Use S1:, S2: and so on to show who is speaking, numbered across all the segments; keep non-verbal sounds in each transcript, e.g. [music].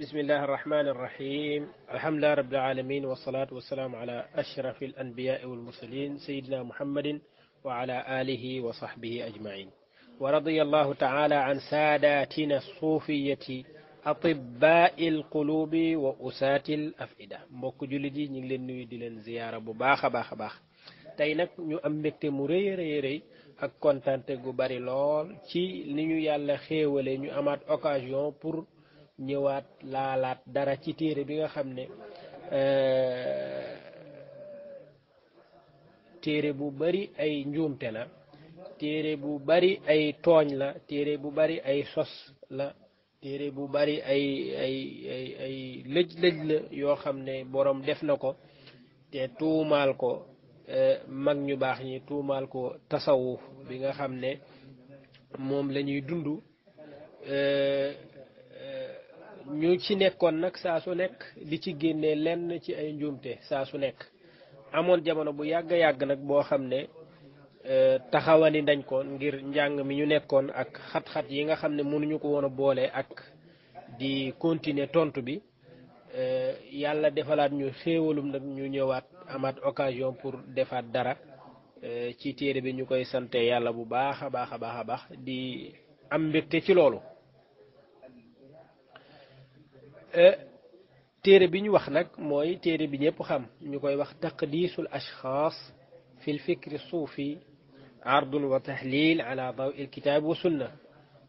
S1: بسم الله الرحمن الرحيم الحمد لله رب العالمين والصلاة والسلام على أشرف الأنبياء والمرسلين سيدنا محمد وعلى آله وصحبه أجمعين ورضي الله تعالى عن ساداتنا الصوفية أطباء القلوب وأسات الأفئدة mbokk جلدي نجلن نويدلن زيارة بباخ باخ باخ leen ziyaara bu تموري ري ري a baax tey nag ñu am mbégte mu rëy rëy rëy ak kontante gu bari lool ci li yàlla xéewale ñu amaat occasion pour ñëwaat laalaat dara ci téere bi nga xam ne euh, téere bu bari ay njuumte na téere bu bari ay tooñ la téere bu bari ay sos la téere bu bari ay ay ay lëj-lëj la yoo xam ne boroom def na ko te tuumaal ko euh, mag ñu baax ñi tuumaal ko tasawuf bi nga xam ne moom lañuy dundu euh, ñu ci nekkoon nag saa su nekk di ci génnee lenn ci ay njuumte saa su nekk amoon jamono bu yàgg yàgg nag boo xam ne e, taxawali dañ koon ngir njàng mi ñu nekkoon ak xat-xat yi nga xam ne mënuñu ko woon a boole ak di continuer tontu bi e, yàlla defalaat ñu xéewalum nag ñu ñëwaat amaat occasion pour defaat dara e, ci téere bi ñu koy sante yàlla bu baax a baax a baax a baax di am mbégte ci loolu Euh, téere bi ñu wax nag mooy téere bi ñëpp xam ñu koy wax taqdiisul ashxaas fi lfikri suufi ardun wa tahlil ala daw il kitaab wa sunna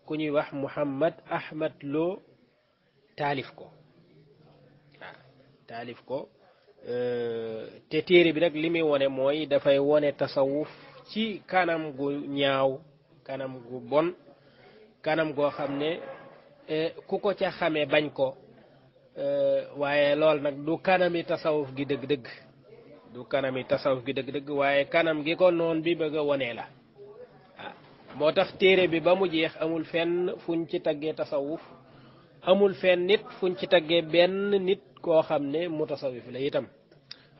S1: ku ñuy wax Muhammad Ahmad loo taalif ko taalif ko euh, te téere bi nag li muy wone mooy dafay wone tasawuf ci kanam gu ñaaw kanam gu bon kanam goo xam ne euh, ku ko ca xamee bañ ko Eh, waaye loolu nag du kanami tasawuf gi dëgg-dëgg du kanami tasawuf gi dëgg-dëgg waaye kanam gi ko noon bi bëgg a wonee la ah, moo tax téere bi ba mu jeex amul fenn fuñ ci taggee tasawuf amul fenn nit fuñ ci taggee benn nit koo xam ne mu tasawuf la itam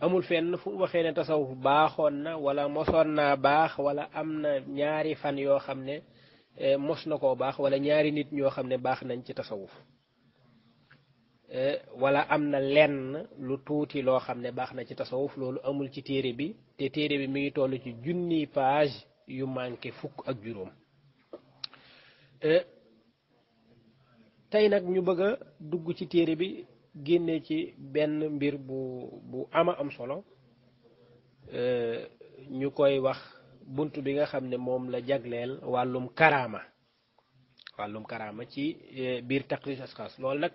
S1: amul fenn fu waxee ne tasawuf baaxoon na wala mosoon naa baax wala am na ñaari fan yoo xam ne eh, mos na koo baax wala ñaari nit ñoo xam ne baax nañ ci tasawuf Euh, wala am na lenn lu tuuti loo xam ne baax na ci tasawuf loolu amul ci téere bi te téere bi mi ngi toll ci junni page yu manqué fukk ak juróom euh, tey nag ñu bëgg a dugg ci téere bi génne ci benn mbir bu bu ama am solo euh, ñu koy wax bunt bi nga xam ne moom la jagleel wàllum karaama wàllum karaama ci biir taqrir asxaas loolu nag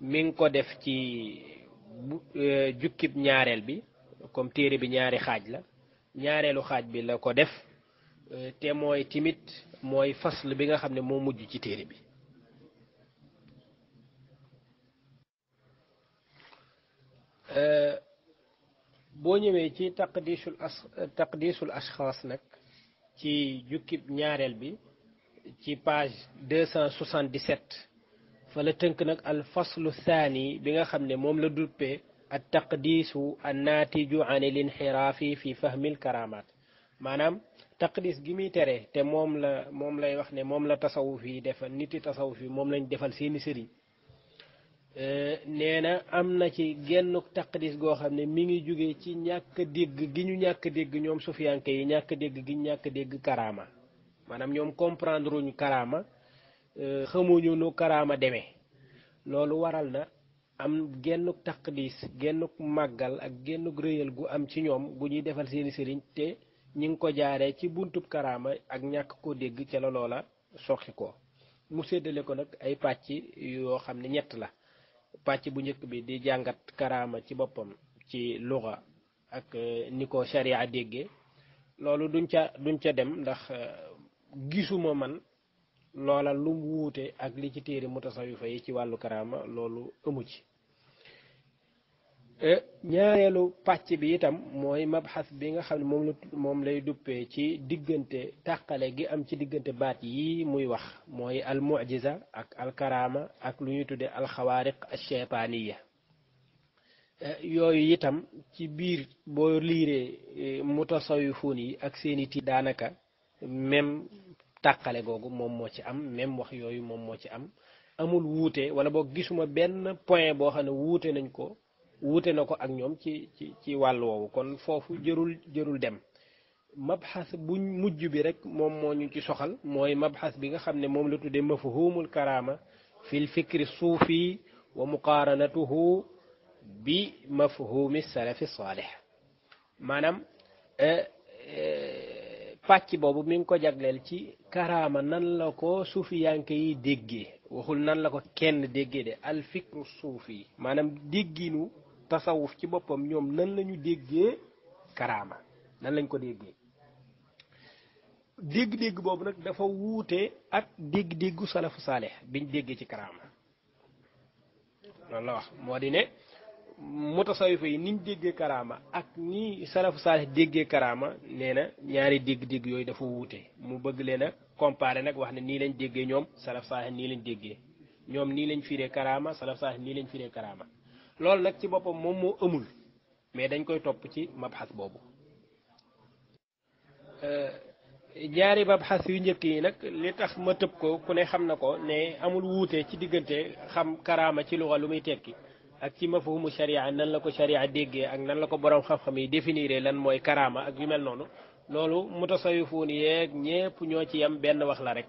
S1: mi ngi ko def ci euh, jukkib ñaareel bi comme téere bi ñaari xaaj la ñaareelu xaaj bi la ko def euh, te mooy timit mooy fasl bi nga xam ne moo mujj ci téere bi euh, boo ñëwee ci taqdisul as taqdisul ashxaas nag ci jukkib ñaareel bi ci page deux cent fa tënk nag al faslu thani bi nga xam ne moom la ak duppee at taqdiisu an naatiju an al inxiraafi fi fahmil karamaat maanaam taqdis gi muy tere te moom la moom lay wax ne moom la tasawu yi defal niti tasawuf yi moom lañ defal seeni sëriñ nee na am na ci genn taqdis goo xam ne mi ngi jóge ci ñàkk dégg gi ñu ñàkk dégg ñoom sufiyanke yi ñàkk dégg gi ñu ñàkk dégg karaama maanaam ñoom comprendre uñu karaama Euh, xamuñu nu karaama deme loolu waral na am genn gennuk taqdis genn màggal ak genn rëyal gu am ci ñoom gu ñuy defal seeni sëriñ te ñi ngi ko jaaree ci buntub karaama ak ñàkk koo dégg ca la loola soqi ko mu séddale ko nag ay pàcc yoo xam ne ñett la pàcc bu njëkk bi di jàngat karaama ci boppam ci luga ak euh, ni ko sharia déggee loolu duñ ca duñ ca dem ndax euh, gisuma man loola lum wuute ak li ci téere mutasawifa yi ci wàllu karaama loolu amu ci eh, ñaareelu pàcc bi itam mooy mabxas bi nga xam ne moom lay duppee ci diggante tàqale gi am ci diggante baat yi muy wax mooy al mujiza ak al ak lu ñuy tuddee al xawaariq al eh, yooyu itam ci biir boo liiree eh, mutasawifuun yi ak seeni tiit daanaka même tàqale googu moom moo ci am même wax yooyu moom moo ci am amul wuute wala boo gisuma benn point boo xam ne wuute nañ ko wuute na ko ak ñoom ci ci ci wàll woowu kon foofu jërul jërul dem mabxas bu mujj bi rek moom moo ñu ci soxal mooy mabxas bi nga xam ne moom la tuddee mafhumul karaama fi fikri suufi wa muqaaranatuhu bi mafhumi salafi saalih maanaam eh, pàcc boobu mi ngi ko jagleel ci karaama nan la ko suufiyanke yi déggee waxul nan la ko kenn déggee de alfikru suufi maanaam dégginu tasawuf ci boppam ñoom nan lañu déggee karaama nan lañ ko déggee dégg-dégg boobu nag dafa wuute ak dégg-déggu salafu saaleh biñ déggee ci karaama loolu la wax moo di ne mutasawifa yi niñ déggee karaama ak ni salafu saalih déggee karaama nee na ñaari dégg-dégg yooyu dafa wuute mu bëgg leen a comparé nag wax na nii lañ déggee ñoom salaf saalih nii lañ dégge ñoom nii lañ firee karaama salaf saalih nii lañ firee karaama loolu nag ci boppam moom moo amul mais dañ koy topp ci mabxas boobu euh, ñaari mabxas yu njëkk yi nag li tax ma tëb ko ku ne xam na ko ne amul wuute ci diggante xam karaama ci luxa lu muy tekki ak ci mafhumu sharia nan la ko sharia déggee ak nan la ko borom xam-xam yi définiré lan mooy karaama ak yu mel noonu loolu mutasawifuun yeeg ñépp ñoo ci yam benn wax la rek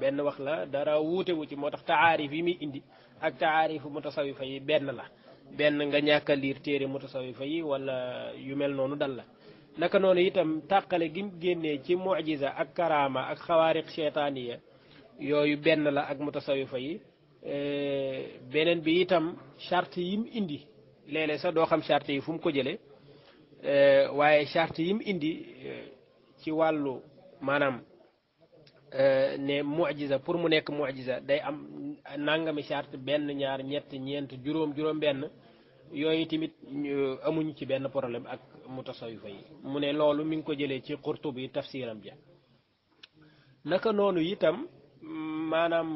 S1: benn wax la dara wuute ci moo tax taarif yi muy indi ak taarifu mutasawifa yi benn la benn nga ñàkk a liir téere mutasawifa yi wala yu mel noonu dal la naka noonu itam tàkkale gi génnee ci mujiza ak karaama ak xawaariq cheytaaniya yooyu benn la ak mutasawifa yi Eh, beneen bi itam charte mu indi léeg sax doo xam charte yi fu mu ko jëlee eh, waaye charte mu indi eh, ci wàllu maanaam ne mujiza pour mu nekk mujiza day am nangami charte benn ñaar ñett ñeent juróom juróom benn yooyu tamit amuñ ci benn problème ak mutasawifa yi mu ne loolu mi ngi ko jëlee ci Qurtubi tafsiram ja naka noonu itam maanaam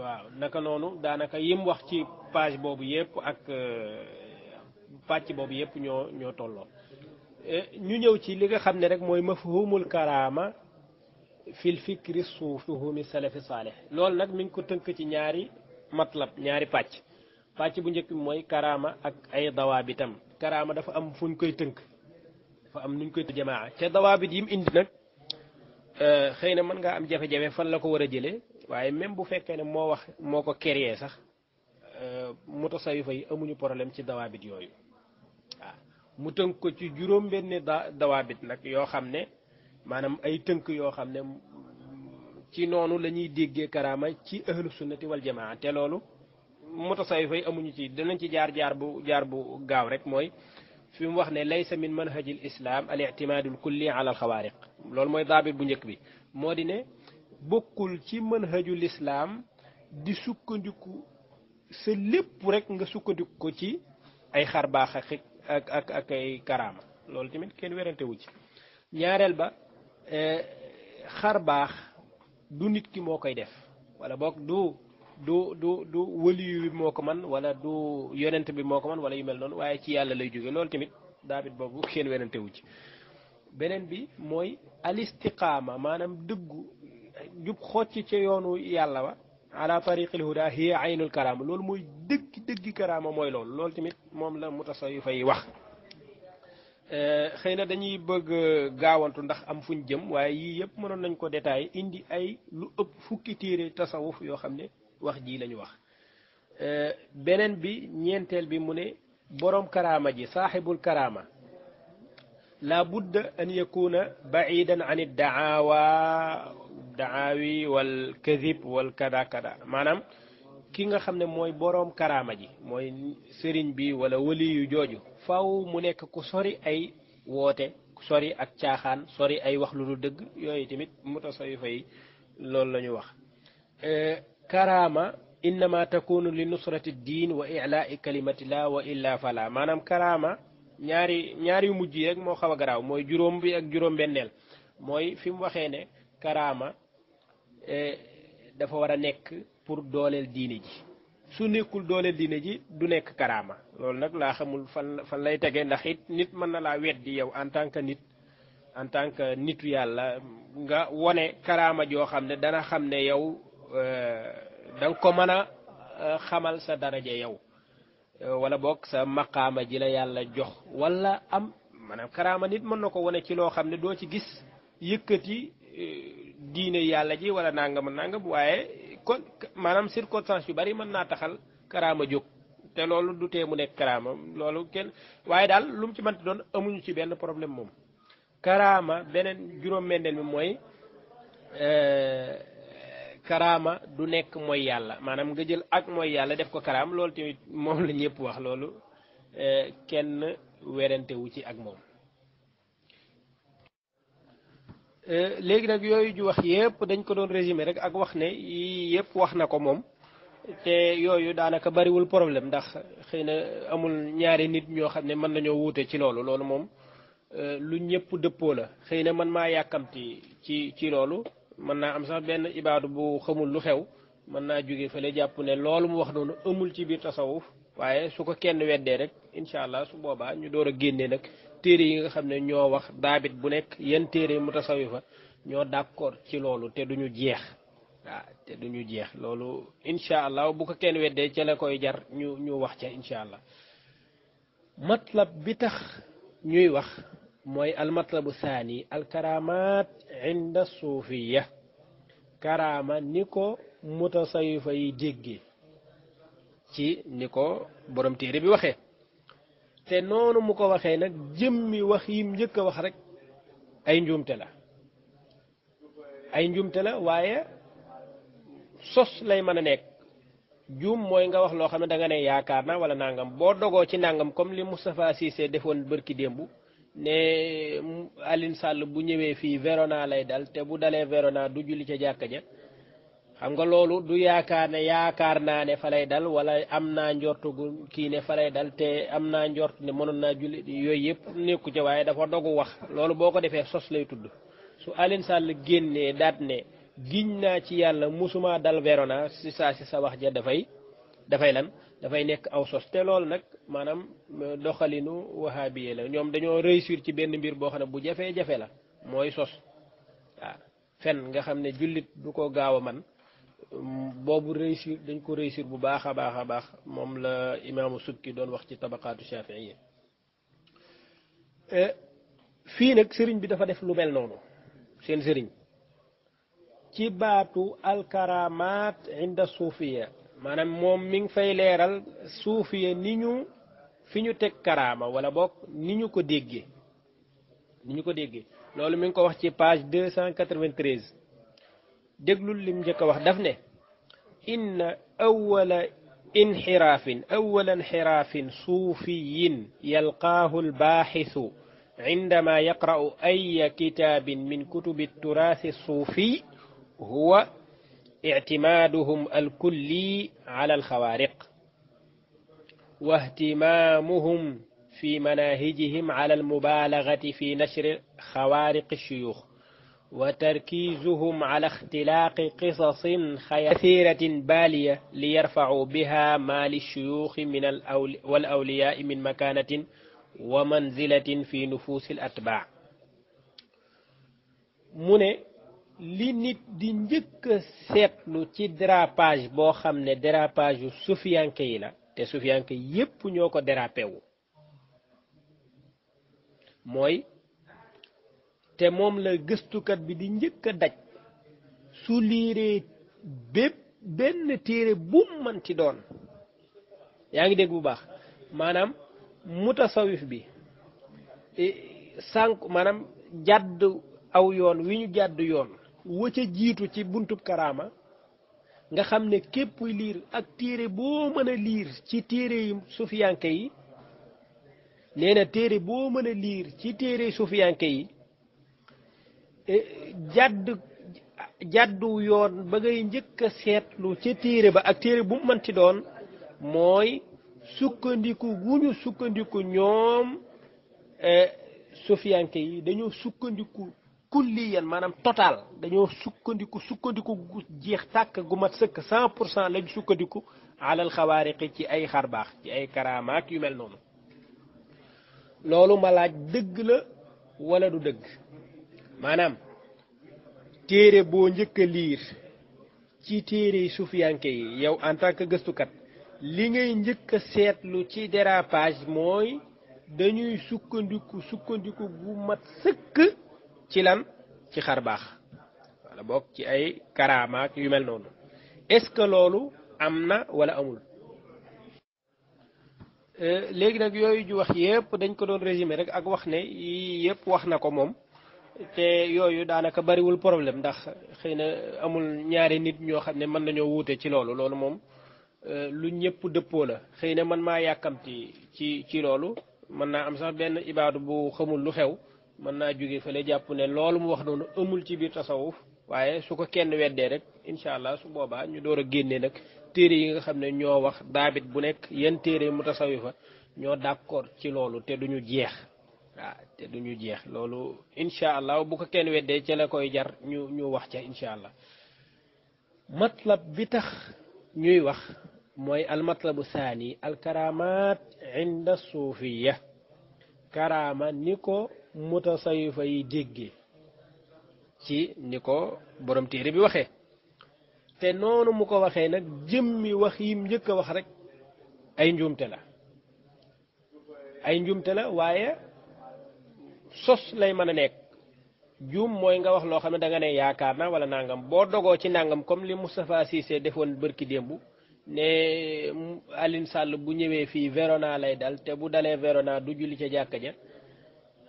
S1: waaw naka noonu daanaka yim wax ci page boobu yëpp ak euh, pàcc boobu yëpp ñoo ñoo tolloo euh, ñu ñëw ci li nga xam ne rek mooy mafhumul karaama fil fikri suufuhumi salafi saalih loolu nag mi ngi ko tënk ci ñaari matlab ñaari pàcc pàcc bu njëkk bi mooy karaama ak ay dawaabitam karaama dafa am fuñ koy tënk dafa am nuñ koy jamaa ca dawaabit yim indi nag euh, xëy na mën ngaa am jafe-jafe fan la ko war a jëlee waye même bu fekké ne mo wax moko créer sax euh moto mutasawifa yi amuñu problème ci dawabit yoyu waaw mu teunk ko ci juróom-benni dawabit nak yo xamné manam ay teunk yo xamné ci nonu lañuy déggé karama ci ahlus sunnati wal jamaa te lolu moto mutasawifa yi amuñu ci dinañ ci jaar jaar bu jaar bu gaaw rek moy fi mu wax ne laysa min manhajil islam al ictimaadul kulli ala al khawariq lolu moy daabit bu ñëk bi moo ne bokkul ci manhaju lislaam di sukkandiku sa lépp rek nga sukkandiku ko ci ay xar baax ak ak ak ay karaama loolu tamit kenn werante wu ci ñaareel ba eh, xar baax du nit ki moo koy def wala boog du du du du waliyu bi moo ko man wala du yonent bi moo ko man wala yu mel noonu waaye ci yàlla lay jóge loolu tamit daabit boobu kenn werante wu ci beneen bi mooy alistiqaama maanaam dëggu jub xocc ca yoonu yàlla wa ala tariqil huda hiya aynul karaama loolu mooy dëgg dëgg karaama mooy loolu loolu tamit moom la mutasawifa yi wax eh, xëy na dañuy bëgg gaawantu ndax am fu fuñ jëm waaye yii yëpp mënoon nañ ko détaillé indi ay lu ëpp fukki téere tasawuf yoo xam ne wax jii lañu wax eh, beneen bi ñeenteel bi mu ne boroom karaama ji saaxibul karaama la budda an yakuna baidan an iddaawa daawi wal kadib wal kada kada maanaam ki nga xam ne mooy boroom karaama ji mooy sëriñ bi wala wali yu jooju faw mu nekk ku sori ay woote ku sori ak caaxaan sori ay wax lu dul dëgg yooyu tamit mutasawifa yi loolu la ñu wax karaama innama takunu li nusrati diin wa ilaai kalimatillah wa illa fala maanaam karaama ñaari ñaari mujj yi rek moo xaw a garaaw mooy juróom bi ak juróom benneel mooy fi mu waxee ne karaama e, dafa war a nekk pour dooleel diine ji su nekkul dooleel diine ji du nekk karaama loolu nag laa xamul fan fan lay tegee ndax it nit mën na laa di yow en tant que nit en tant que nitu yàlla nga wone karaama joo xam ne dana xam ne yow e, danga ko mën a e, xamal sa daraja yow wala boog sa maqaama ji la yàlla jox wala am maanaam karaama nit mën na ko wone ci loo xam ne doo ci gis yëkkati Eh, diine yàlla ji wala nangam nangam waaye kon maanaam circonstance yu bari mën naa taxal karaama jóg te loolu du tee mu nekk karaama loolu kenn waaye daal lu ci mënti doon amuñu ci benn problème moom karaama beneen juróom-benneel bi mooy eh, karaama du nekk mooy yàlla maanaam nga jël ak mooy yàlla def ko karaam loolu tamit moom la ñëpp wax loolu eh, kenn werantewu ci ak moom Euh, léegi nag yooyu ju wax yépp dañ ko doon résumé rek ak wax ne yii yépp wax na ko moom te yooyu daanaka bariwul problème ndax xëy na amul ñaari nit ñoo xam ne mën nañoo wuute ci loolu loolu moom euh, lu ñépp dëppoo la xëy na man maa yàkkamti ci ci loolu mën naa am sax benn ibaadu bu xamul lu xew mën naa jóge fële jàpp ne loolu mu wax noonu amul ci biir tasawuf waaye su ko kenn weddee rek incha allah su boobaa ñu door a génnee nag téré yi nga xamné ne ñoo wax David bu nek yan téré mu tasawifa ñoo d'accord ci loolu te duñu jeex wa té duñu jeex loolu inshallah allah bu ko kenn weddee ci la koy jar ñu ñu wax ci inshallah matlab bi tax ñuy wax mooy almatlabu al alkaramat inda sufiyya karama niko ko yi déggee ci niko borom tere bi waxe te noonu mu ko waxee nag jëmmi wax yim njëkk a wax rek ay njuumte la ay njuumte la waaye sos lay mën a nekk juum mooy nga wax loo xam ne da nga ne yaakaar na wala nangam boo dogoo ci nangam comme li Moustapha Cissé defoon bërki démb ne Aline sàll bu ñëwee fii Verona lay dal te bu dalee vero naa du julli ca jàkka ja xam nga loolu du yaakaar ne yaakaar naa ne falay dal wala am naa njortu gu kii ne falay dal te am naa njort ne mënoon naa julli yooyu yëpp nekku ca waaye dafa dogu wax loolu boo ko defee sos lay tudd su Alioune sàll génnee daat ne giñ naa ci yàlla musuma dal Verona si saa si sa wax ja dafay dafay lan dafay nekk aw sos te loolu nag maanaam doxalinu wahabiye la ñoom dañoo réussir ci benn mbir boo xam ne bu jafee jafe la mooy sos waaw fen nga xam ne jullit du ko gaaw a man boobu réussir dañ ko réissir bu baax a baax a baax moom la imaamu sukki doon wax ci tabaqaatu shafii eh, fii nag sëriñ bi dafa def lu mel noonu seen sëriñ ci baatu alkaramaat inda suufiya maanaam moom mi ngi fay leeral suufiya ni ñu fi ñu teg karaama wala boog ni ñu ko déggee ni ñu ko déggee loolu mi ngi ko wax ci page 293 déglul lim njëkk a wax daf ne inna awwala inxiraafin awwala inxiraafin suufiyin عندما يقرأ أي كتاب من كتب التراث الصوفي هو اعتمادهم الكلي على الخوارق واهتمامهم في مناهجهم على المبالغة في نشر خوارق الشيوخ وتركيزهم على اختلاق قصص كثيرة بالية ليرفعوا بها ما للشيوخ من والأولياء من مكانة ومنزلة في نفوس الأتباع مني li nit di njëkk seetlu ci drapage boo xam ne drapage soufianke yi la te soufianke yépp ñoo te moom la gëstukat bi di njëkk a daj su liiree bépp benn téere bu ci doon yaa ngi dégg bu baax maanaam mutasawif bi e, sànq maanaam jàdd aw yoon wi ñu jàdd yoon wëcca jiitu ci buntub karaama nga xam ne képp kuy liir ak téere boo mën a liir ci téere yi sufiyanke yi nee na téere boo mën liir ci téere sufiyanke yi E, jàdd jàddu yoon ba ngay njëkk a seetlu ca téere ba ak téere bu mu mënti doon mooy sukkandiku gu ñu sukkandiku ñoom e, sofianke yi dañoo sukkandiku kulliyan maanaam total dañoo sukkandiku sukkandiku gu jeex tàkk gu mat sëkk cent pour cent lañ sukkandiku alal xawaariqi ci ay xarbaax ci ay karaamaak yu mel noonu loolu ma laaj dëgg la wala du dëgg maanaam téere boo njëkk a liir ci téere suufiyanke yi yow en tant que gëstukat li ngay njëkk a seetlu ci dérapage mooy dañuy sukkandiku sukkandiku bu mat sëkk ci lan ci xar baax wala bokk ci ay karaamaak yu mel noonu est-ce que loolu am na wala amul euh, léegi nag yooyu ju wax yépp dañ ko doon résumé rek ak wax ne yii yépp wax na ko moom te yooyu daanaka bariwul problème ndax xëy na amul ñaari nit ñoo xam ne mën nañoo wuute ci loolu loolu moom euh, lu ñëpp dëppoo la xëy na man maa yàkkamti ci ci loolu mën naa am sax benn ibaadu bu xamul lu xew mën naa jóge fa fële jàpp ne loolu mu wax noonu amul ci biir tasawuf waaye su ko kenn weddee rek incha allah su boobaa ñu door a génnee nag téere yi nga xam ne ñoo wax daabit bu nekk yan téere mu tasawifa ñoo d'accord ci loolu te ñu jeex ah te du ñu jeex loolu incha allah bu ko kenn weddee ca la koy jar ñu ñu wax ca incha allah matlab bi tax ñuy wax mooy almatlabu saani alkaramat inda suufiya karaama ni ko mutasawifa yi dégge ci ni ko borom téere bi waxee te noonu mu ko waxee nag jëmmi wax yim njëkk a wax rek ay njuumte la ay njuumte la waaye sos lay mën a nekk juum mooy nga wax loo xam ne da nga ne yaakaar na wala nangam boo dogoo ci nangam comme li moustapha sise defoon barki démb ne aline sàll bu ñëwee fii verona lay dal te bu dalee verona du julli ca jàkka ja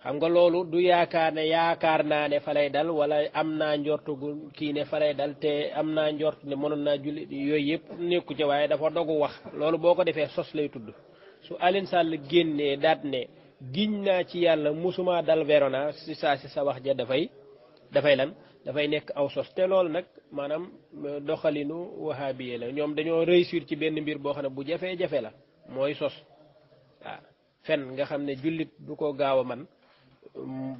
S1: xam nga loolu du yaakaar ne yaakaar naa ne fa lay dal wala am naa njortu gu kii ne fa lay dal te am naa njort ne mënoon naa julli yooyu yëpp nekku ca waaye dafa dogu wax loolu boo ko defee sos lay tudd su aline sàll génnee dat ne giñ naa ci yàlla musuma dal Verona si saa si sa wax ja dafay dafay lan dafay nekk aw sos te lool nag maanaam euh, doxalinu wahabiye la ñoom dañoo réussir ci benn mbir boo xam ne bu jafee-jafe la mooy sos waaw fen nga xam ne jullit du ko gaaw a man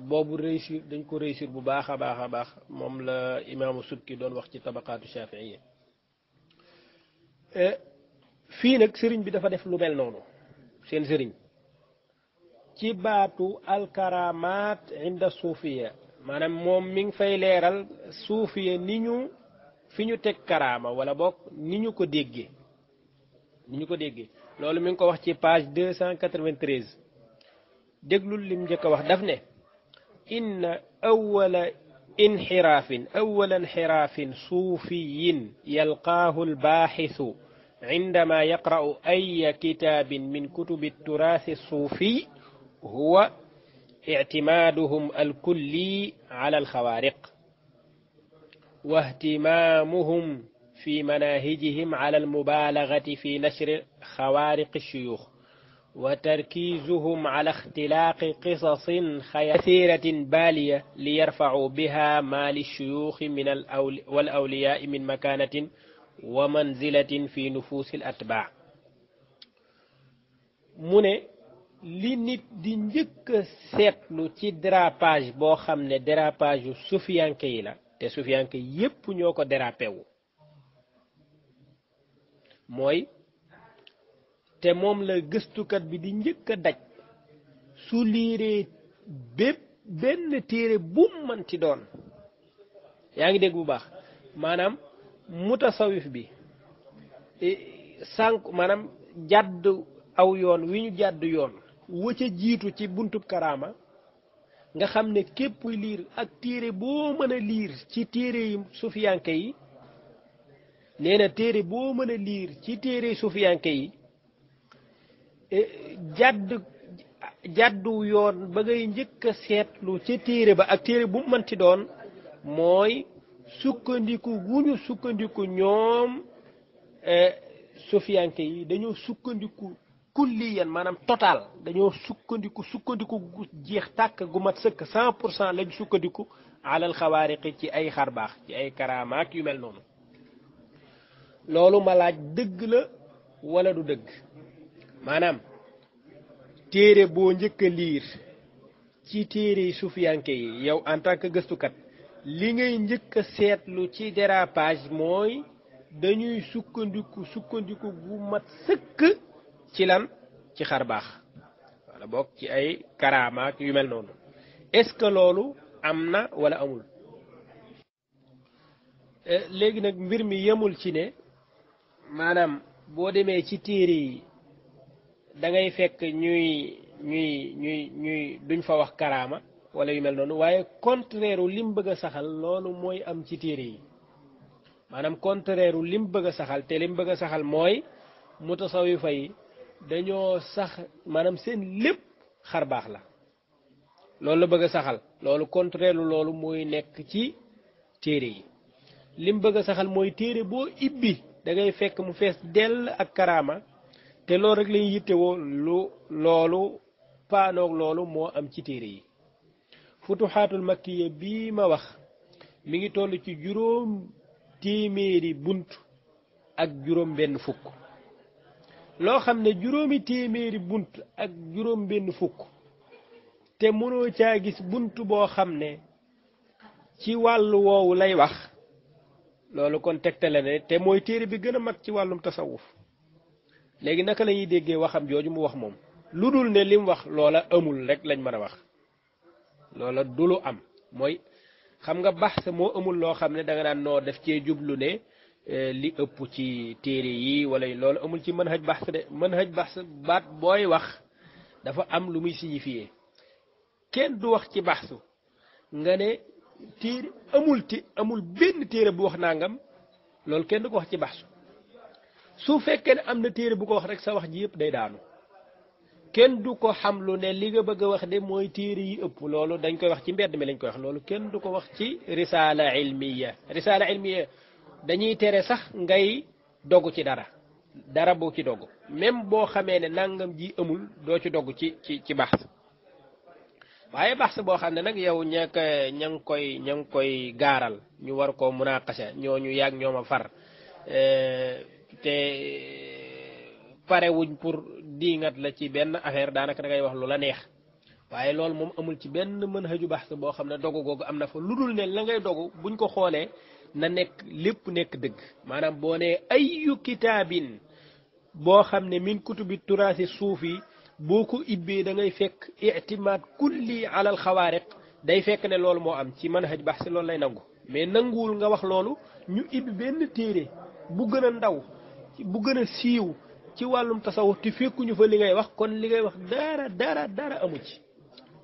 S1: boobu réussir dañ ko réussir bu baax a baax a baax moom la imaamu Subki doon wax ci tabaqaatu shafii euh, fii nag sëriñ bi dafa def lu mel noonu seen sëriñ ci baatu alkaramaat inda suufiya maanaam moom mi ngi fay leeral suufiya ni ñu fi ñu teg karaama wala boog ni ñu ko déggee ni ko déggee loolu mi ngi ko wax ci page 293 déglul lim njëkk a wax daf ne inna awwala inxiraafin awwala inxiraafin suufiyin yalqaahu albaaxisu عندما يقرأ أي كتاب من كتب التراث الصوفي هو اعتمادهم الكلي على الخوارق واهتمامهم في مناهجهم على المبالغة في نشر خوارق الشيوخ وتركيزهم على اختلاق قصص كثيرة بالية ليرفعوا بها ما للشيوخ من الأول والأولياء من مكانة ومنزلة في نفوس الأتباع من li nit di njëkk a seetlu ci dérapage boo xam ne dérapage yu sufiyanke yi la te sufiyanke yépp ñoo ko drapewu mooy te moom la gëstukat bi di njëkk a daj su liiree bépp benn téere bu ci doon yaa ngi dégg bu baax maanaam mutasawif bi e, sànq maanaam jàdd aw yoon wi ñu jàdd yoon wa ca jiitu ci buntub karaama nga xam ne képp liir ak téere boo mën a liir ci téere yi sufiyanke yi nee téere boo mën a liir ci téere sufiyanke yi e, jàdd jàddu yoon ba ngay njëkk a seetlu ca téere ba ak téere bu mu mënti doon mooy sukkandiku gu ñu sukkandiku ñoom e, sufiyanke yi dañoo sukkandiku kulliyan manam total dañoo sukkandiku sukkandiku jeex tak gu mat sëkk 100% lañ sukkandiku alal xawaariqi ci ay xarbaax ci ay karaamaak yu mel nonu lolu ma laaj deug la wala du deug manam téré bo ñëk liir ci téré soufiyanke yi yow en tant que kat li ngay ñëk sétlu ci dérapage moy dañuy sukkandiku sukkandiku gu mat ci lan ci xar baax wala boog ci ay karaama ak yu mel noonu est-ce que loolu am na wala amul euh, léegi nag mbir mi yemul ci ne maanaam boo demee ci téere yi da ngay fekk ñuy ñuy ñuy ñuy duñ fa wax karaama wala yu mel noonu waaye contreeru lim bëgg saxal loolu mooy am ci téere yi maanaam contraire lim bëgg a saxal te lim bëgg a saxal mooy mutasawifa yi dañoo sax maanaam seen lépp xar baax la loolu la bëgg a saxal loolu contraire lu loolu mooy nekk ci téere yi lim bëgg a saxal mooy téere boo ibbi da fekk mu fees dell ak karaama te loolu rek lañuy yittewoo lu loolu paanoog loolu moo am ci téere yi futuxaatul makkiya bii ma wax mi ngi toll ci juróom téeméeri bunt ak juróom benn fukk loo xam ne juróomi téeméeri bunt ak juróom benn fukk te mënoo ca gis bunt boo xam ne ci wàll woowu lay wax loolu kon tegtale ne te mooy téere bi gën a mag ci wàllum tasawuf léegi naka lañuy déggee waxam jooju mu wax moom lu dul ne lim wax loola amul rek lañ mën a wax loola du lu am mooy xam nga baax sa moo amul loo xam ne danga naan noo def cee jublu ne Eh, li ëpp ci téere yi wala loolu amul ci mën haj baxs de mën haj baxs baat booy wax dafa am lu muy si signifié kenn du wax ci baxsu nga ne téere amul ti amul benn téere bu wax nangam loolu kenn du wax ci baxsu su fekkee ne am na téere bu ko wax rek sa wax ji yëpp day daanu kenn du ko xam lu ne li nga bëgg a wax de mooy téere yi ëpp loolu dañ koy wax ci mbedd mi lañ koy wax loolu kenn du ko wax ci risaala ilmiya risaala ilmiya dañuy tere sax ngay dogg ci dara dara boo ci dogg même boo xamee ne nangam ji amul doo ci dogg ci ci ci baax waaye baax sa boo xam ne nag yow ña ña ngi koy ña ngi koy gaaral ñu war koo munaqasa ñu yàgg ñoom a far eh, te parewuñ pour dii ngat la ci benn affaire daanaka da ngay wax lu la neex waaye loolu moom amul ci benn mën xëju baax sa boo xam ne dogu googu am na fa lu dul ne la ngay dogu buñ ko xoolee na nekk lépp nekk dëgg maanaam boo nee ayu kitaabin boo xam ne min bi turaasi suuf yi boo ko ibbee da ngay fekk itimaad kulli alal xawaariq day fekk ne loolu moo am ci manhaj baax si loolu lay nangu mais nanguwul nga wax loolu ñu ibbi benn téere bu gën a ndaw bu gën a siiw ci wàllum tasawuf te fekkuñu fa li ngay wax kon li ngay wax dara dara dara amu ci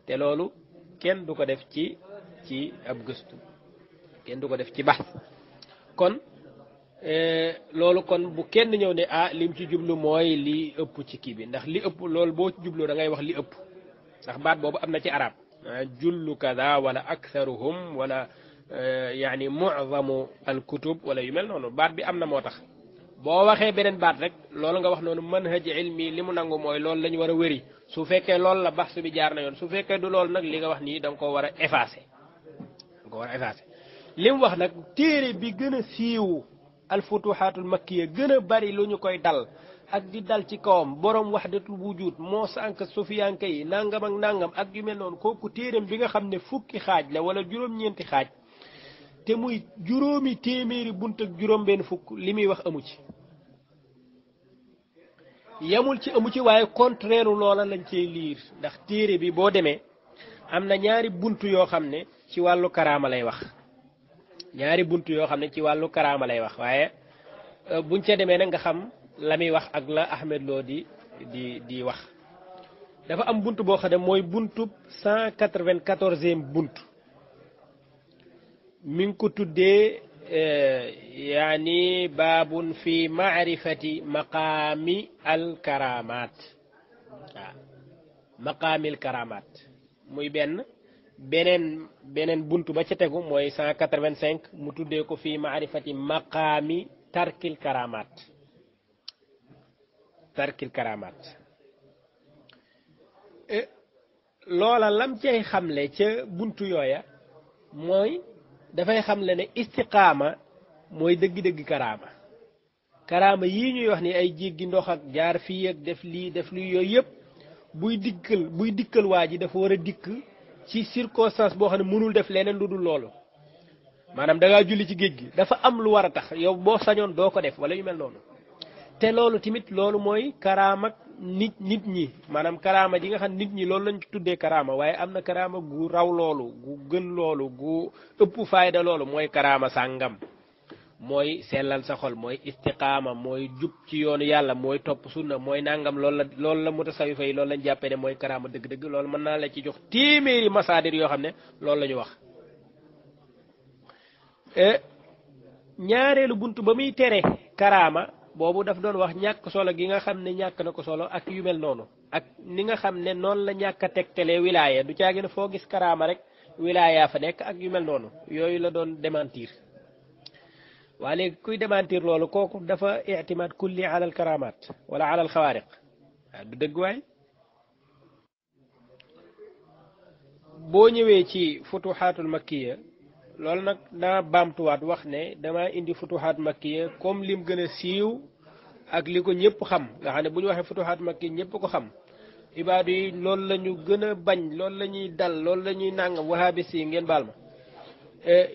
S1: te loolu kenn du ko def ci ci ab gëstu kenn du ko def ci baax kon eh, loolu kon bu kenn ñëw ne ah lim ci jublu mooy li ëpp ci kii bi ndax li ëpp lool boo ci jublu da ngay wax li ëpp ndax baat boobu am na ci arab ah, jullu kada wala aktharuhum wala eh, yaani mu'zamu al kutub wala yu mel noonu baat bi am na moo tax boo waxee beneen baat rek loolu nga wax noonu manhaj ilmi li mu nangu mooy loolu la ñu war a wëri su fekkee lool la baxsu bi jaar na yoon su fekkee du loolu nag li nga wax nii da nga war a effacé da ko war a effacé li wax nag téere bi gën a siiw alfutuhaatul makkiya gën a bari lu ñu koy dal ak di dal ci kawam borom wahdatul wujud moo sànq sufiyanke yi nàngam ak nangam ak yu mel noonu kooku téeram bi nga xam ne fukki xaaj la wala juróom-ñeenti xaaj te muy juróomi téeméeri bunt ak juróom-benn fukk li muy wax amu ci. yamul ci amu ci waaye contraire loola lañ cey liir ndax téere bi boo demee am na ñaari bunt yoo xam ne ci wàllu karaama lay wax. ñaari buntu yo xamne ci walu karama lay wax waye buñ ci démé nak nga xam la wax ak la Ahmed lodi di di wax dafa am buntu bo xamne moy buntu 194e buntu min ko tuddé yani babun fi ma'rifati maqami al karamat maqami al-karamat muy benn beneen beneen bunt ba ca tegu mooy 185 mu tuddee ko fii maarifati maqaami tarkil karamaat tarkil karamaat eh, loola lam cay xamle ca bunt yooya mooy dafay xamle ne istiqaama mooy dëgg-dëgg karaama karaama yii ñuy wax ni ay jéggi ndox ak jaar fii ak def lii def lii yooyu yëpp buy dikkal buy dikkal waa ji dafa war a dikk ci circonstance boo xam ne mënul def leneen lu dul loolu maanaam dangaa julli ci géej gi dafa am lu war a tax yow boo sañoon doo ko def wala yu mel noonu te loolu tamit loolu mooy karaama nit nit ñi maanaam karaama ji nga xam nit ñi loolu lañ tuddee karaama waaye am na karaama gu raw loolu gu gën loolu gu ëpp fayda loolu mooy karaama sàngam mooy sellal sa xol mooy istiqaama mooy jub ci yoonu yàlla mooy topp sunna mooy nangam loolu la loolu la mutasawifa yi loolu lañ jàppee ne mooy karaama dëgg-dëgg lool mën naa la ci jox téeméeri masaadir yoo xam ne loolu la ñu wax e, ñaareelu bunt ba muy tere karaama boobu daf doon wax ñàkk solo gi nga xam ne ñàkk na ko solo ak yu mel noonu ak ni nga xam ne noonu la ñàkk a tegtalee wilaaya du caagi ne foo gis karaama rek wilaaya fa nekk ak yu mel noonu yooyu la doon démentir waa léegi kuy démentir loolu kooku dafa ictimaad kulli ala al karamat wala ala al xawaariq waaw du dëgg waay boo ñëwee ci futuxaatul makkiya loolu nag dama baamtuwaat wax ne dama indi futuxaat makkiya comme lim gën a siiw ak li ko ñëpp xam nga xam ne bu ñu waxee futuxaat makkiya ñëpp ko xam ibaadu yi loolu lañu ñu gën a bañ lool la ñuy dal lool lañuy ñuy nàngam wahabis yi ngeen baal ma eh,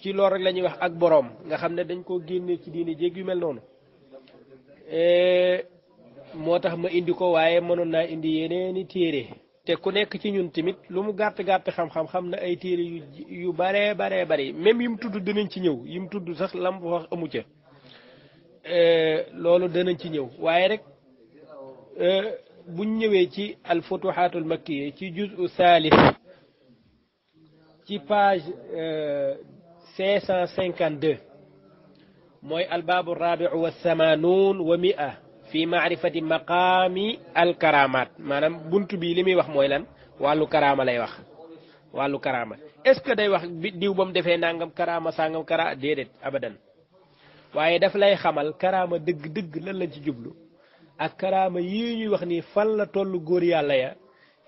S1: ci loolu rek la ñuy wax ak boroom nga xam ne dañ koo génne ci diini jéeg yu mel noonu e, moo tax ma indi ko waaye mënoon naa indi yeneeni téere te ku nekk ci ñun tamit lu mu gàtt gàtt xam-xam xam na ay téere yu yu baree baree bari même mu tudd dinañ ci ñëw yi mu tudd sax lam wax amu ca e, loolu danañ ci ñëw waaye rek e, buñ ñëwee ci al futuhaatul makkiye ci juzu saalis ci page 552 mooy albaabu rabiu wa samanuun wa mia fi maarifati maqaami alkaramaat maanaam bunt bi li muy wax mooy lan wàllu karaama lay wax wàllu karaama est-ce que day wax diw ba mu defee nangam karaama sangam kara daf lay xamal karaama dëgg-dëgg lan la ci jublu ak karaama yii ñuy wax ni fan la tollu góor yàlla ya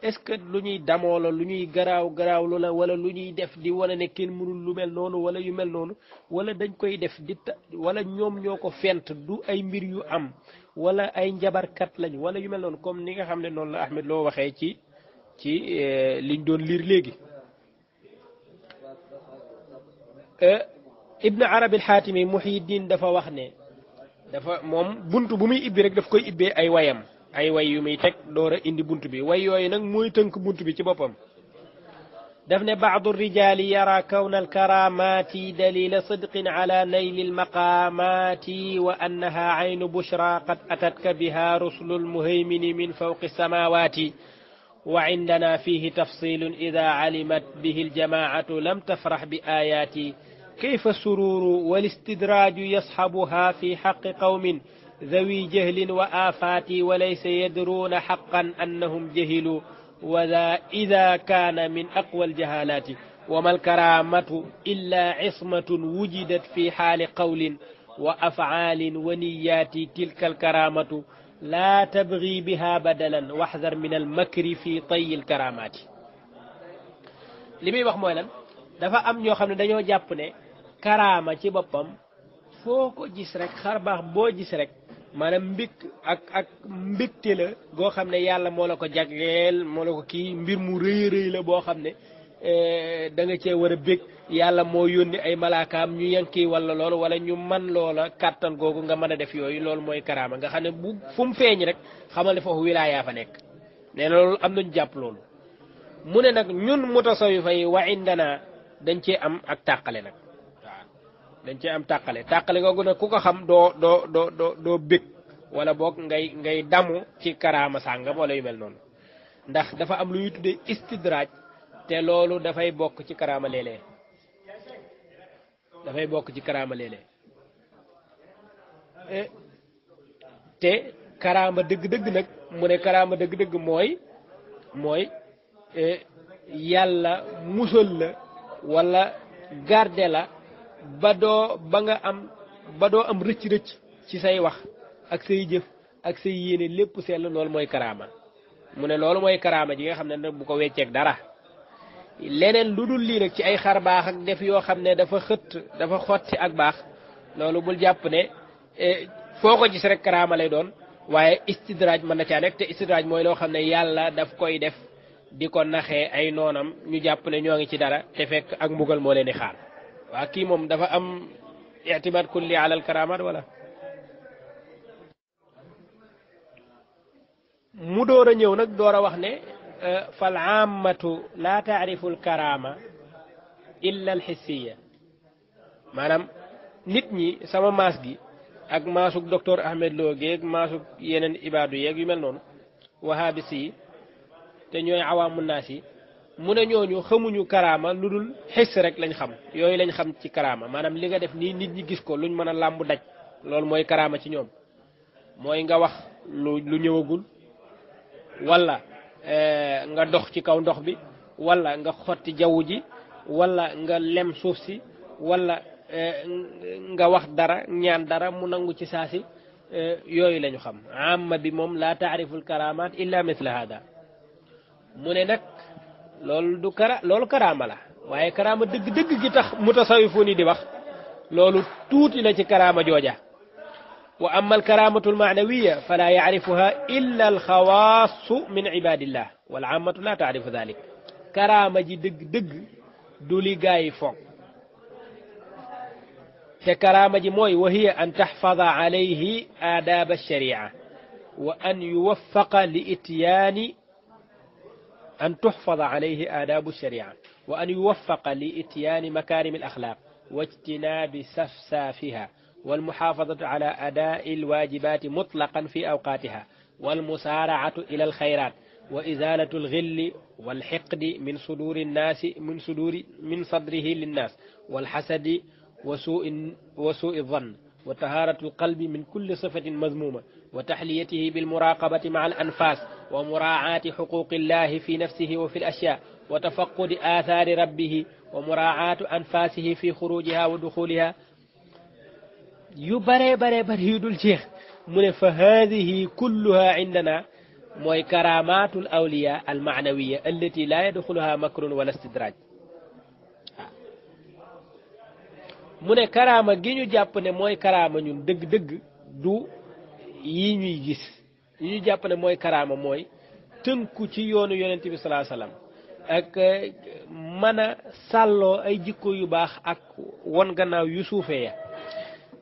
S1: est-ce que lu ñuy damoo lu ñuy garaaw garaaw lu la wala lu ñuy def di wala ne kenn mënul lu mel noonu wala yu mel noonu wala dañ koy def di wala ñoom ñoo ko fent du ay mbir yu am walla ay njabarkat lañu wala yu mel noonu comme ni nga xam ne noonu la Ahmed loo waxee ci ci euh, liñ doon liir léegi euh, Ibn Arabi al-Xaatimi dafa wax ne dafa moom bunt bu muy ibbi rek daf koy ibbee ay wayam ay way yu muy tek doora indi buntu bi way yoy nak moy teunk buntu bi ci bopam daf ne ba'dhu ar-rijali yara kawna al-karamati dalil sidqin ala nayl al-maqamati wa annaha aynu bushra qad atat ka biha rusul al-muhaymin min fawq fawqi alsamawaati وعندنا فيه تفصيل إذا علمت به الجماعة لم تفرح بآياتي كيف السرور والاستدراج يصحبها في حق قوم ذوي جهل وآفات وليس يدرون حقا أنهم جهلوا وذا إذا كان من أقوى الجهالات وما الكرامة إلا عصمة وجدت في حال قول وأفعال ونيات تلك الكرامة لا تبغي بها بدلا واحذر من المكر في طي الكرامات li muy wax mooy lan dafa am ñoo xam ne dañoo jàpp ne karaama ci boppam maanaam mbég ak ak mbégte la goo xam ne yàlla moo la ko jagleel moo la ko kii mbir mu rëy rëy la boo xam ne eh, da nga cee war a bég yàlla moo yónni ay malaakaam ñu yanki wala lool wala ñu man loola kàttan googu nga mën a def yooyu loolu mooy karaama nga xam ne bu fu mu feeñ rek xamal ne foofu wilaayaa fa nekk nee na loolu am nañu jàpp loolu mu ne nag ñun mutasawifa yi wa indana dañ cee am ak tàqale nag dañ cee am tàqale tàqale googu nag ku ko xam doo doo doo doo doo bég wala boog ngay ngay damu ci karaama sàngam wala yu mel noonu ndax dafa am lu ñuy tuddee istidraaj te loolu dafay bokk ci karaama léeg bokk ci karaama léeg-léeg eh, te karaama dëgg-dëgg nag mu ne karaama dëgg-dëgg mooy mooy eh, yàlla musal la wala garde la ba doo ba nga am ba doo am rëcc-rëcc ci say wax ak say jëf ak say yéene lépp sell loolu mooy karaama mu ne loolu mooy karaama ji nga xam ne nag bu ko wecceeg dara leneen lu dul lii nag ci ay xar baax ak def yoo xam ne dafa xëtt dafa xotti ak baax loolu bul jàpp ne e, foo ko gis rek karaama lay doon waaye istidraaj mën na caa nekk te istidraaj mooy loo xam ne yàlla daf koy def di ko naxee ay noonam ñu jàpp ne ñoo ngi ci dara te fekk ak mbugal moo leen di xaar waa kii moom dafa am ictimaad kulli ala al wala mu door a ñëw nag door a wax ne fal aamatu laa taarifu al karama illa al maanaam nit ñi sama maas gi ak maasuk docteur Ahmed Lo geeg maasuk yeneen ibaadu yeeg yu mel noonu wahabisi te ñooy awaamu naas mune ñooñu xamuñu karaama lu dul xis rek lañ xam yooyu lañ xam ci karaama maanaam li nga def nii nit ñi gis ko luñ mën a làmb daj lool mooy karaama ci ñoom mooy nga wax lu lu ñëwagul wala nga dox ci kaw ndox bi wala nga xotti jawu ji wala nga lem suuf si wala nga wax dara ñaan dara mu nangu ci saasi yooyu lañu xam amma bi moom laa taariful karamaat illa misla hada mu ne nag loolu du kara loolu karaama la waaye karaama dëgg-dëgg gi tax mutasawifuun yi di wax loolu tuuti la ci karaama jooja wa amma alkaraamatu almaanawiya fala yaarifuha illa alxawaasu min ibadillah wal aamatu la taarifu dalik karaama ji dëgg-dëgg du li gaa yi foog te karaama ji mooy wa hiya an taxfada alayhi aadaaba alsharia wa an yuwaffaqa li ityaani أن تحفظ عليه آداب الشريعة وأن يوفق لإتيان مكارم الأخلاق واجتناب سفسافها والمحافظة على أداء الواجبات مطلقا في أوقاتها والمسارعة إلى الخيرات وإزالة الغل والحقد من صدور الناس من صدور من صدره للناس والحسد وسوء وسوء الظن وطهارة القلب من كل صفة مذمومة وتحليته بالمراقبة مع الأنفاس ومراعاة حقوق الله في نفسه وفي الأشياء وتفقد آثار ربه ومراعاة أنفاسه في خروجها ودخولها يبري بري بري دول شيخ من فهذه كلها عندنا موي كرامات الأولياء المعنوية التي لا يدخلها مكر ولا استدراج من كرامة karaama gi موي كرامة دق دق دو ñun yi ñu mooy karaama mooy tënku ci yoonu yonent bi salaa ak eh, mën a sàlloo ay jikko yu baax ak won gannaaw yu suufee ya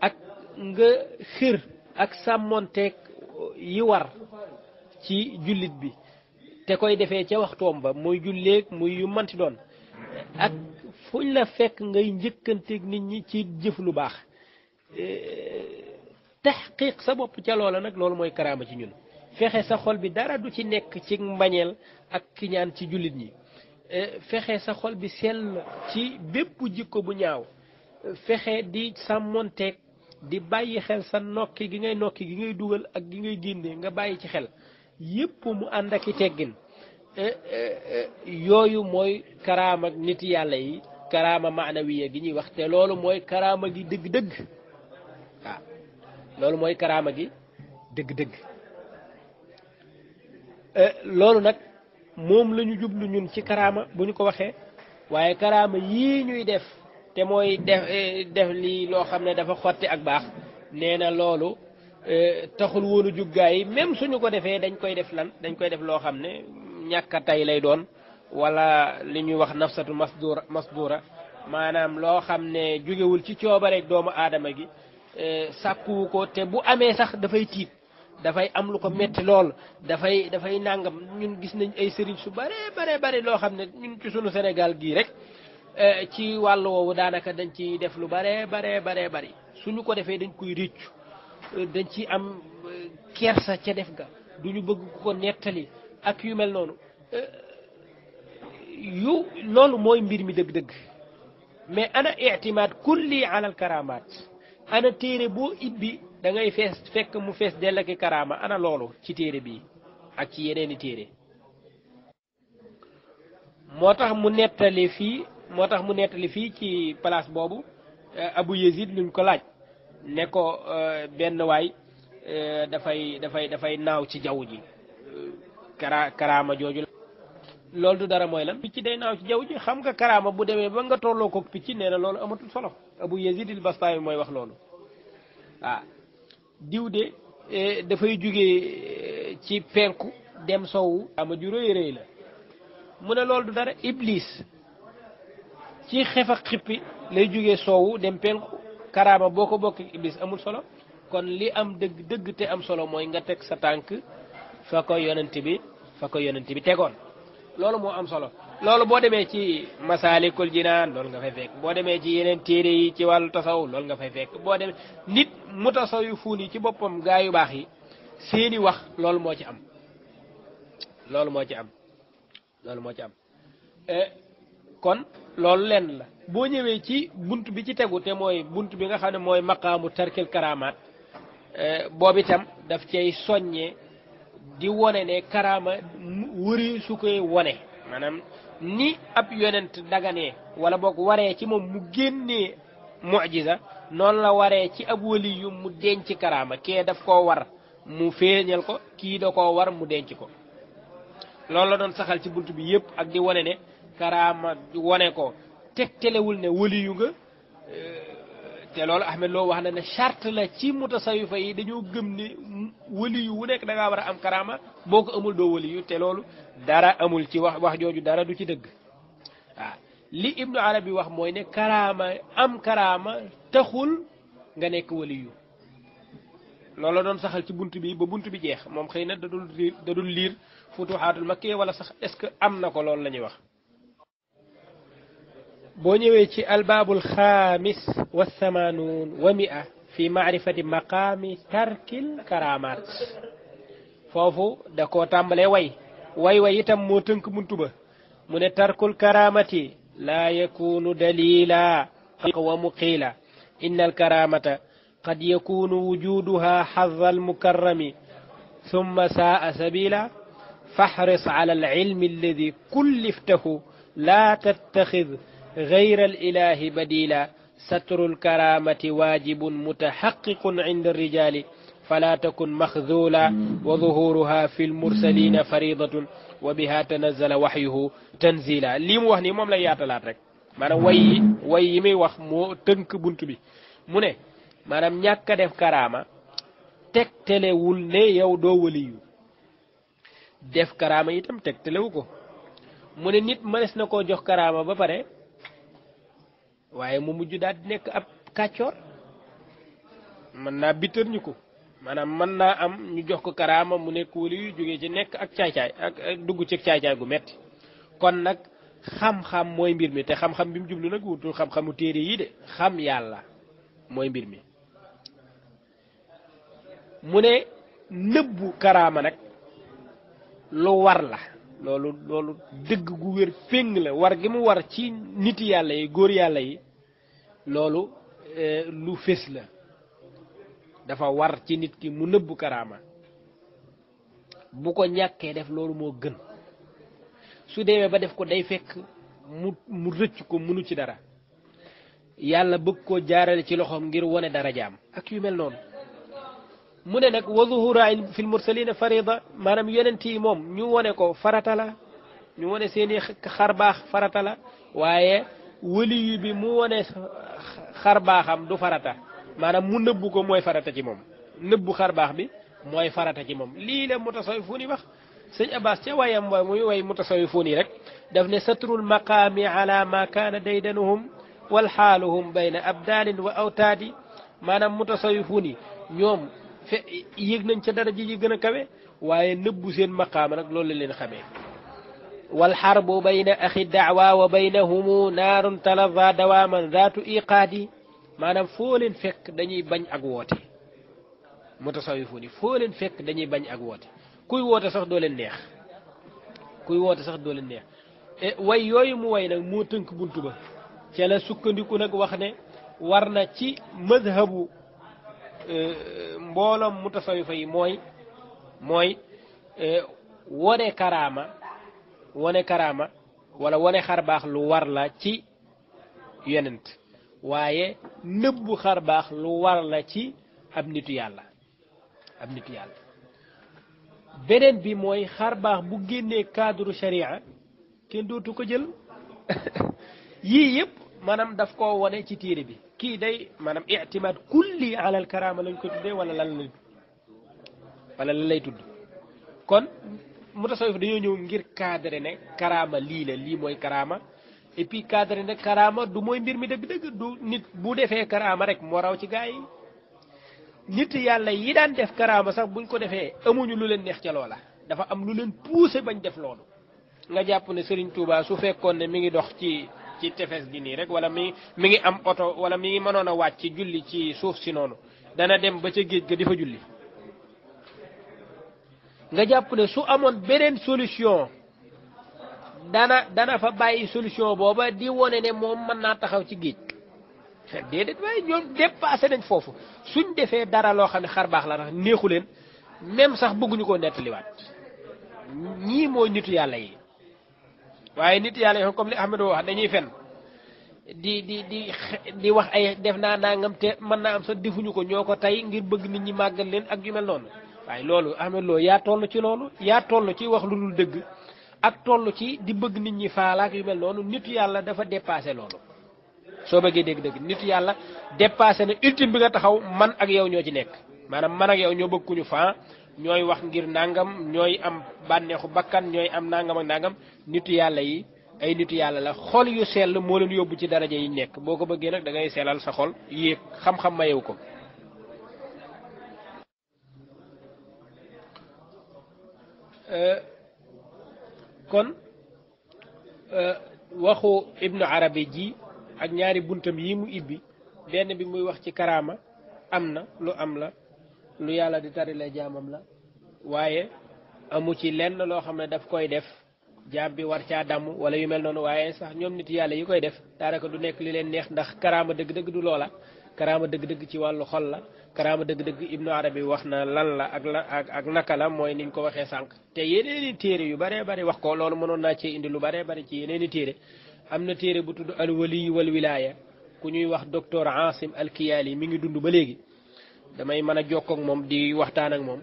S1: ak nga xir ak sàmmonteeg yi war ci jullit bi te koy defee ca waxtoom ba muy julleeg muy yu manti doon ak fuñ la fekk ngay njëkkanteeg nit ñi ci jëf lu baax eh, taxqiq sa bopp ca loola nag loolu mooy karaama ci ñun fexe sa xol bi dara du ci nekk ci mbañeel ak kiñaan ci jullit ñi eh, fexe sa xol bi sell ci bépp jikko bu ñaaw fexe di sàmmonteeg di bàyyi xel sa nokki gi ngay nokki gi ngay dugal ak gi ngay génne nga bàyyi ci xel yépp mu ànd ak i teggin eh, eh, yooyu mooy karaama nit yàlla yi karaama maanawiya gi ñuy wax te loolu mooy karaama gi dëgg-dëgg waaw loolu mooy karaama gi dëgg-dëgg Eh, loolu nag moom la ñu jublu ñun ci karaama bu ñu ko waxee waaye karaama yii ñuy def te mooy def eh, def lii loo xam ne dafa xotti ak baax nee na loolu eh, taxul woonu juggaa yi même suñu ko defee dañ koy def lan dañ koy def loo xam ne ñàkka lay doon wala li ñuy wax nafsatu masdura masdura maanaam loo xam ne jógewul ci coobare doomu aadama gi sàkkuwu ko te bu amee sax dafay tiit dafay am lu ko metti loolu dafay dafay nangam ñun gis nañ ay sëriñ su bare bare bare loo xam ne ñun ci sunu Sénégal gii rek eh, ci wàll woowu daanaka dañ ci def lu bare bare bare bari suñu ko defee dañ koy réccu eh, dañ ci am eh, kersa ca def ga duñu bëgg ku ko nettali ak yu mel noonu yu loolu mooy mbir mi dëgg-dëgg mais ana itimaad kulli alal karamaat ana téere boo ibbi da ngay fees fekk mu fees dell ak karaama ana loolu ci téere bi ak ci yeneeni téere moo tax mu nettali fii moo tax mu nettali fii ci place boobu eh, Abu Yazid luñ ko laaj ne ko eh, benn waay eh, dafay dafay dafay naaw ci jaww ji kara karaama jooju loolu du dara mooy lan ci day naaw ci jaww ji xam nga karaama bu demee ba nga tolloo ko picc nee na loolu amatul solo abu yazid il bi mooy wax loolu waaw ah, diw de e, dafay jóge e, ci penku dem sowu ama ju rëy rëy la mu ne loolu du dara iblis ci xef xippi lay jóge soowu dem penku karaama boo ko bokkee iblis amul solo kon li am dëgg dëgg te am solo mooy nga teg sa tànk fa ko yonent bi fa ko yonent bi tegoon loolu moo am solo loolu boo demee ci masaalikul jinaan loolu nga fay fekk boo demee ci yeneen téere yi ci wàllu tasaw loolu nga fay fekk boo demee nit mu tasaw yu fuun yi ci boppam gaa yu baax yi seeni wax loolu moo ci am loolu moo ci am loolu moo ci am eh, kon loolu lenn la boo ñëwee ci bunt bi ci tegu te mooy bunt bi nga xam ne mooy maqaamu tarkil karaamaat eh, boobu itam daf cay soññee di wone ne karaama wëri su koy wone maanaam ni ab yonent dagane wala boog waree ci moom mu génnee mucjiza noonu la waree ci ab waliyu mu denc karaama kee daf koo war mu feeñal ko kii da koo war mu denc ko loolu la doon saxal ci bunt bi yépp ak di wane ne karaama wane ko telewul ne waliyu nga te loolu Ahmed loo wax na ne charte la ci mutasawifa yi dañoo gëm ne wali yu wu nekk da war a am karaama boo ko amul doo wali te loolu dara amul ci wax wax jooju dara du ci dëgg waaw li Ibnu Arabi wax mooy ne karaama am karaama taxul nga nekk wali yu doon saxal ci bunt bi ba bunt bi jeex moom xëy na dadul dul da dul liir futuxaatul makkee wala sax est-ce que am na ko loolu la ñuy wax بونيويتي الباب الخامس والثمانون ومئة في معرفة مقام ترك الكرامات فوفو دكو تامبلي وي وي وي تموتنك موتنك منتبة من ترك الكرامة لا يكون دليلا ومقيلا إن الكرامة قد يكون وجودها حظ المكرم ثم ساء سبيلا فاحرص على العلم الذي كلفته لا تتخذ غير الإله بديلا ستر الكرامة واجب متحقق عند الرجال فلا تكن مخذولا وظهورها في المرسلين فريضة وبها تنزل وحيه تنزيلا لم وحني مم لا ياتلاتك مانا وي وي مي وخ مو تنك بنتبي مني مانا مياك دف كرامة تك تلول ني يو دو وليو دف كرامة يتم تك تلوكو مني نيت منس نكو جوخ كرامة بفره waye mu mujj dal di nekk ab mana man na biter ñuko manam man na am ñu jox ko karama mu nek wali joge ci nek ak caay-caay ak duggu ci caay-caay gu metti kon nak xam-xam moy mbir mi te xam-xam bi mu jublu nak wutul xam-xamu tere yi de xam yalla moy mbir mi mu ne nëbbu lu war la deug gu wer feng la war gi mu war ci nit yalla yi gor yalla yi loolu eh, lu fés la dafa war ci nit ki mu nëbbu karaama bu ko ñàkkee def loolu moo gën su demee ba def ko day fekk mu mu rëcc ko mënu ci dara yàlla bëgg koo jaarale ci loxoom ngir wane dara jaam ak yu mel noonu mu ne nag wa zuhura fil mursalina farida maanaam yonent yi moom ñu wone ko farata la ñu wone seeni xar baax farata la waaye ولي بي مو ني خرباخام دو فراتا مانام مو نيبوكو موي فراتا تي موم نيبو خرباخ بي موي فراتا تي موم لي لا متصوفوني واخ سي عباس تي وايام واي موي واي متصوفوني رك داف ني ستر المقام على ما كان ديدنهم والحالهم بين ابدان واوتاد مانام متصوفوني نيوم يغنن تي دراجي جي غنا كاوي waye neub sen maqam nak lolou len xamé والحرب بين أخي الدعوى وبينهم نار تلظى دواما ذات إيقاد maanaam foo leen fekk dañuy bañ ak woote mutasawifu ni foo leen fekk dañuy bañ ak woote kuy woote sax doo leen neex kuy woote sax doo neex eh, way yooyu mu way nag moo tënk buntu ba ca la sukkandiku nag wax ne war na ci mazhabu eh, mbooloom mutasawifa yi mooy mooy eh, wone karaama wane karaama wala wane xar baax lu war la ci yonent waaye nëbbu xar baax lu war la ci ab nitu yàlla ab nitu yàlla beneen bi mooy xarbaax bu génnee cadre sharia kenn dootu ko jël [laughs] yii yëpp maanaam daf koo wane ci téere bi kii day maanaam ictimaad kulli alal karaama lañ ko tuddee wala lan lan lay tudd kon mutasawif dañoo ñëw ngir cadre ne karaama lii la lii mooy karaama et puis cadre ne karaama du mooy mbir mi dëgg-dëgg du nit bu defee karaama rek moo raw ci gaa yi nit yàlla yi daan def karaama sax buñ ko defee amuñu lu leen neex ca loola dafa am lu leen poussé bañ def loolu nga jàpp ne Serigne Touba su fekkoon ne mi ngi dox ci ci tefes gi nii rek wala mi mi ngi am oto wala mi ngi mënoon a wàcc ci julli ci suuf si noonu dana dem ba ca géej ga di fa julli nga jàpp ne su amoon beneen solution dana dana fa bàyyi solution booba di wone ne moom mën naa taxaw ci géej déedéet waaye ñoom dépassé nañ foofu suñ defee dara loo xam ne xar baax la tax neexu leen même sax bëgguñu koo nettaliwaat ñii mooy nitu yàlla yi waaye nit yàlla yi comme li Ahmadou wax dañuy fen di di di di wax ay def naa nangam te mën naa am sax defuñu ko ñoo ko tey ngir bëgg nit ñi màggal leen ak yu mel noonu waaye loolu Ahmed Lo yaa toll ci loolu yaa toll ci wax lu dul dëgg ak tollu ci di bëgg nit ñi faalaak yu mel noonu nitu yàlla dafa dépassé loolu soo bëggee dégg-dégg nit yàlla dépassé na ultime bi nga taxaw man ak yow ñoo ci nekk maanaam man ak yow ñoo bëgg ku ñu faa ñooy wax ngir nangam ñooy am bànneexu bakkan ñooy am nangam ak nangam nitu yàlla yi ay nit yàlla la xol yu sell moo leen yóbbu ci daraja yi nekk boo ko bëggee nag dangay ngay sa xol yéeg xam ko Euh, kon euh, waxu ibnu arabi ji ak ñaari buntam yi mu ibbi benn bi muy wax ci karaama am na lu am la lu yàlla di tari la jaamam la waaye amu ci lenn loo xam ne daf koy def jaam bi war caa dàmm wala yu mel noonu waaye sax ñoom nit yàlla yi koy def daanaka du nekk li leen neex ndax karaama dëgg-dëgg du loola karaama dëgg-dëgg ci wàllu xol la karaama dëgg-dëgg ibnu arabi wax na lan la ak la ak ak naka la mooy niñ ko waxee sànq te yeneeni téere yu baree bari wax ko loolu mënoon naa cee indi lu baree bari ci yeneeni téere am na téere bu tudd al wali wal wilaya ku ñuy wax docteur Asim Alkiyaali mi ngi dund ba léegi damay mën a jokkoo moom di waxtaan ak moom